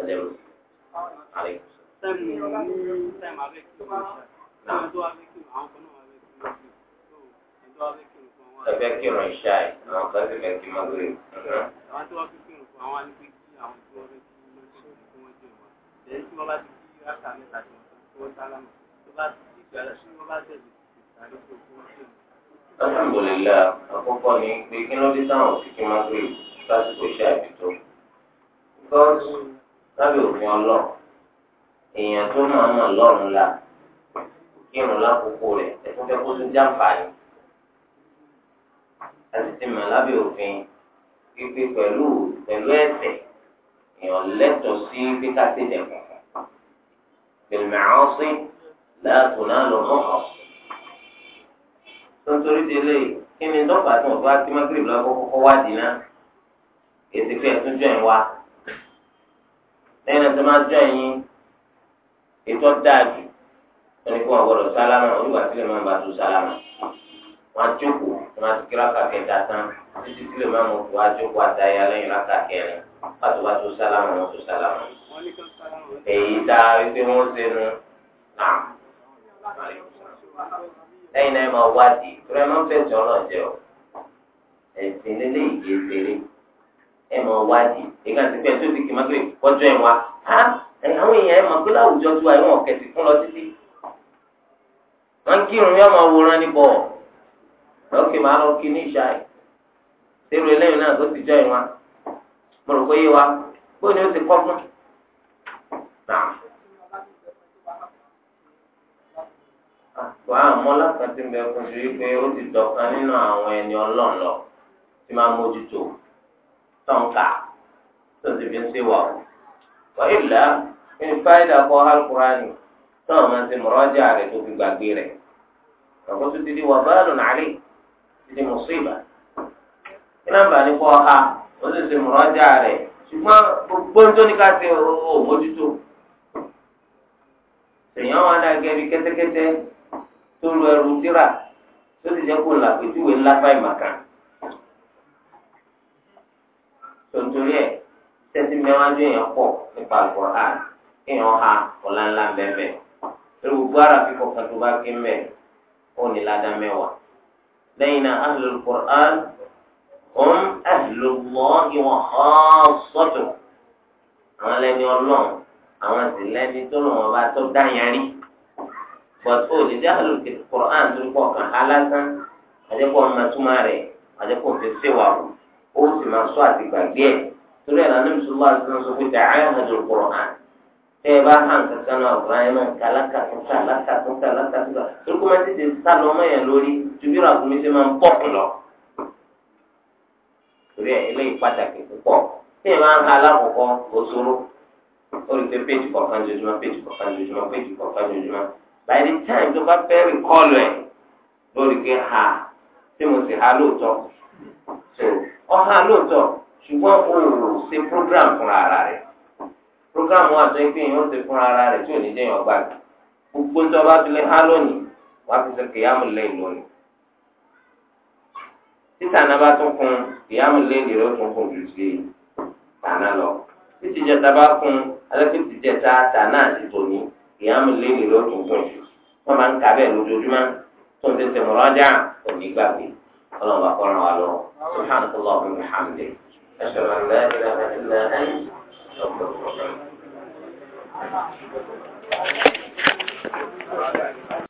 ẹlẹ́rù àrẹ. ẹfẹ́ kírun ìṣá ẹ̀ àwọn kan sì fẹ́ kí n má gbé. àwọn tí wọ́n fi kírun fún àwọn alẹ́ pé kí àwọn tí wọ́n fẹ́ kí wọ́n jẹ́ kí wọ́n jẹ́ wọn. lẹ́yìn tí wọ́n bá ti kí rákà mẹ́ta tí wọ́n tán kí wọ́n sálámà tó bá ti kí ìgbàlá tí wọ́n bá tẹ̀lé ìgbàlá tó kí wọ́n jẹ́ wọn. alhamdulilayi àkọ́kọ́ ni pé kí ló dé táwọn òfin kí n má gbé lásìkò ìṣá ìbí tó lábẹ́ òfin ọlọ́run èèyàn tó máa ń mọ̀ lọ́rùn la kírun lákòókò rẹ̀ ẹ̀sùn fẹ́ kó tún jáǹfààní a sì ti mọ̀ lábẹ́ òfin pípé pẹ̀lú pẹ̀lú ẹ̀ṣẹ̀ èèyàn lẹ́tọ̀ọ́ sí pípa sílẹ̀ kankan bẹ̀rẹ̀ àwọn sí láàtò náà lọ mọ́kàn tó ń torí délé kí ni dọ́kà tí wọ́n bá ti mọ́kìrì lọ́kọ́ kọ́kọ́ wá dì náà èsì fẹ́ẹ́ tún jọ ẹ̀ wá lẹ́yìn náà tó máa jọ ẹ̀yin ètò dáàbì wọn ni kó wọn gbọ́dọ̀ sálámà onígbà tí lè máa bá tó sálámà wọn àjókòó wọn àti kíláàkà kẹta tán títí tí lè máa mọ fún àjókòó àtàyà lẹ́yìn láka kẹrin pàtó bá tó sálámà wọn tó sálámà. èyí tá a rí pé wọn ṣe nu náà lẹ́yìn náà máa wádìí rẹ máa ń fẹ̀sùn ọlọ́ọ̀jẹ́ o ẹ̀sìn lélẹ́yìí kì í ṣeré. ẹ mọ̀ wádìí ìgbà tí pé ẹ tó ti kì mákèrè kọjú ẹ̀ wá á àwọn èèyàn ẹ mọ̀ pé láwùjọ tí wà ìwọ̀n kẹ̀sì fún lọ títí wọ́n ń kírun yóò máa wòran ní bọ̀ lọ́kì máa lọ ní ìṣá ẹ̀ sẹ́rù ẹlẹ́yìn náà tó ti jọ mo rò pé yé wa bó ni ó ti kọ́ fún ah, wà á mọ lákàtúntì bẹ fún ju wípé ó ti dọ̀kan nínú àwọn ẹni tán ká tó ti fi ń ṣe wà o. wà ilà nínú fáìlì akọ alukurani tó àwọn máa ń ṣe mọ̀rọ́jà rẹ̀ tó fi gbàgbé rẹ̀. àkóso ti di wà báàlù nàlẹ́ ti di mùsùlùmá. kí nàmbà ní kọ́ ha ó sì ṣe mọ̀rọ́jà rẹ̀ ṣùgbọ́n gbogbo ní ká ṣe ò mójútó. sèyàn wọn náà gẹ́bí kẹ́tẹ́kẹ́tẹ́ tó lu ẹrù tíra tó sì jẹ́ kó làpẹ́júwe ńlá fáìmà kan. níwájú èèyàn pọ̀ nípa alukur'an kéèyàn ha ọ̀lànlá bẹ́ẹ̀ torí gbogbo ara fi kọ̀ọ̀kan tó bá ké mbẹ́ ó ní ládàá mẹ́wàá lẹ́yìn náà àwọn lẹ́ni ọlọ́run àwọn sì lẹ́ni tó lọ́wọ́ bá tó tó alásán ọmọ túmọ̀ rẹ̀ fẹ́ sèwà ó sì máa sọ ẹ̀. torí ẹ̀rọ anábì sọ́lá àti sọ́lá sọ pé dàáyà hàn ló kúrọ̀ hàn tẹ́ ẹ bá hàn kankan náà ọ̀gbọ́n ayé máa ń ka alákàtúntà alákàtúntà alákàtúntà torí kó máa tètè sá lọ mọ́ yẹn lórí tùbí rà kùmí ṣe máa ń pọ̀ kù lọ. torí ẹ̀ eléyìí pàtàkì púpọ̀ tẹ́ ẹ máa ń ha alákọ̀ọ́kọ́ òṣòro ó lè fẹ́ péjì kọ̀ọ̀kan jojúmọ́ péjì kọ̀ọ̀kan jojúmọ́ péjì kọ̀ọ̀kan jojúmọ́ by the time tó bá fẹ́ rí kọ́ọ̀lù ẹ̀ lórí pé ha tí mo sì ha lóòótọ́ so ọ ha ṣùgbọ́n o ò ṣe program fúnra ara rẹ̀ program wa tó ń pè yín ó ṣe fúnra ara rẹ̀ tí ò ní jẹ́yìn ọgbà rẹ̀ gbogbo tó bá fi lé há lónìí wọ́n á fi ṣe kìyàmù lẹ́yìn lónìí títà náà bá tún kún kìyàmù lẹ́yìn rẹ̀ ó tún kún ju sí tàná lọ títí jẹta bá kún alẹ́kùtì jẹta tàná àti tòní kìyàmù lẹ́yìn rẹ̀ tún kún jù wọ́n máa ń kà bẹ́ẹ̀ lójoojúmọ́ tó ń tẹ̀sẹ̀ mọ́rọ́jà òní gbàgbé ọlọ́run bá kọ́ أشهد أن لا إله إلا أنت أستغفرك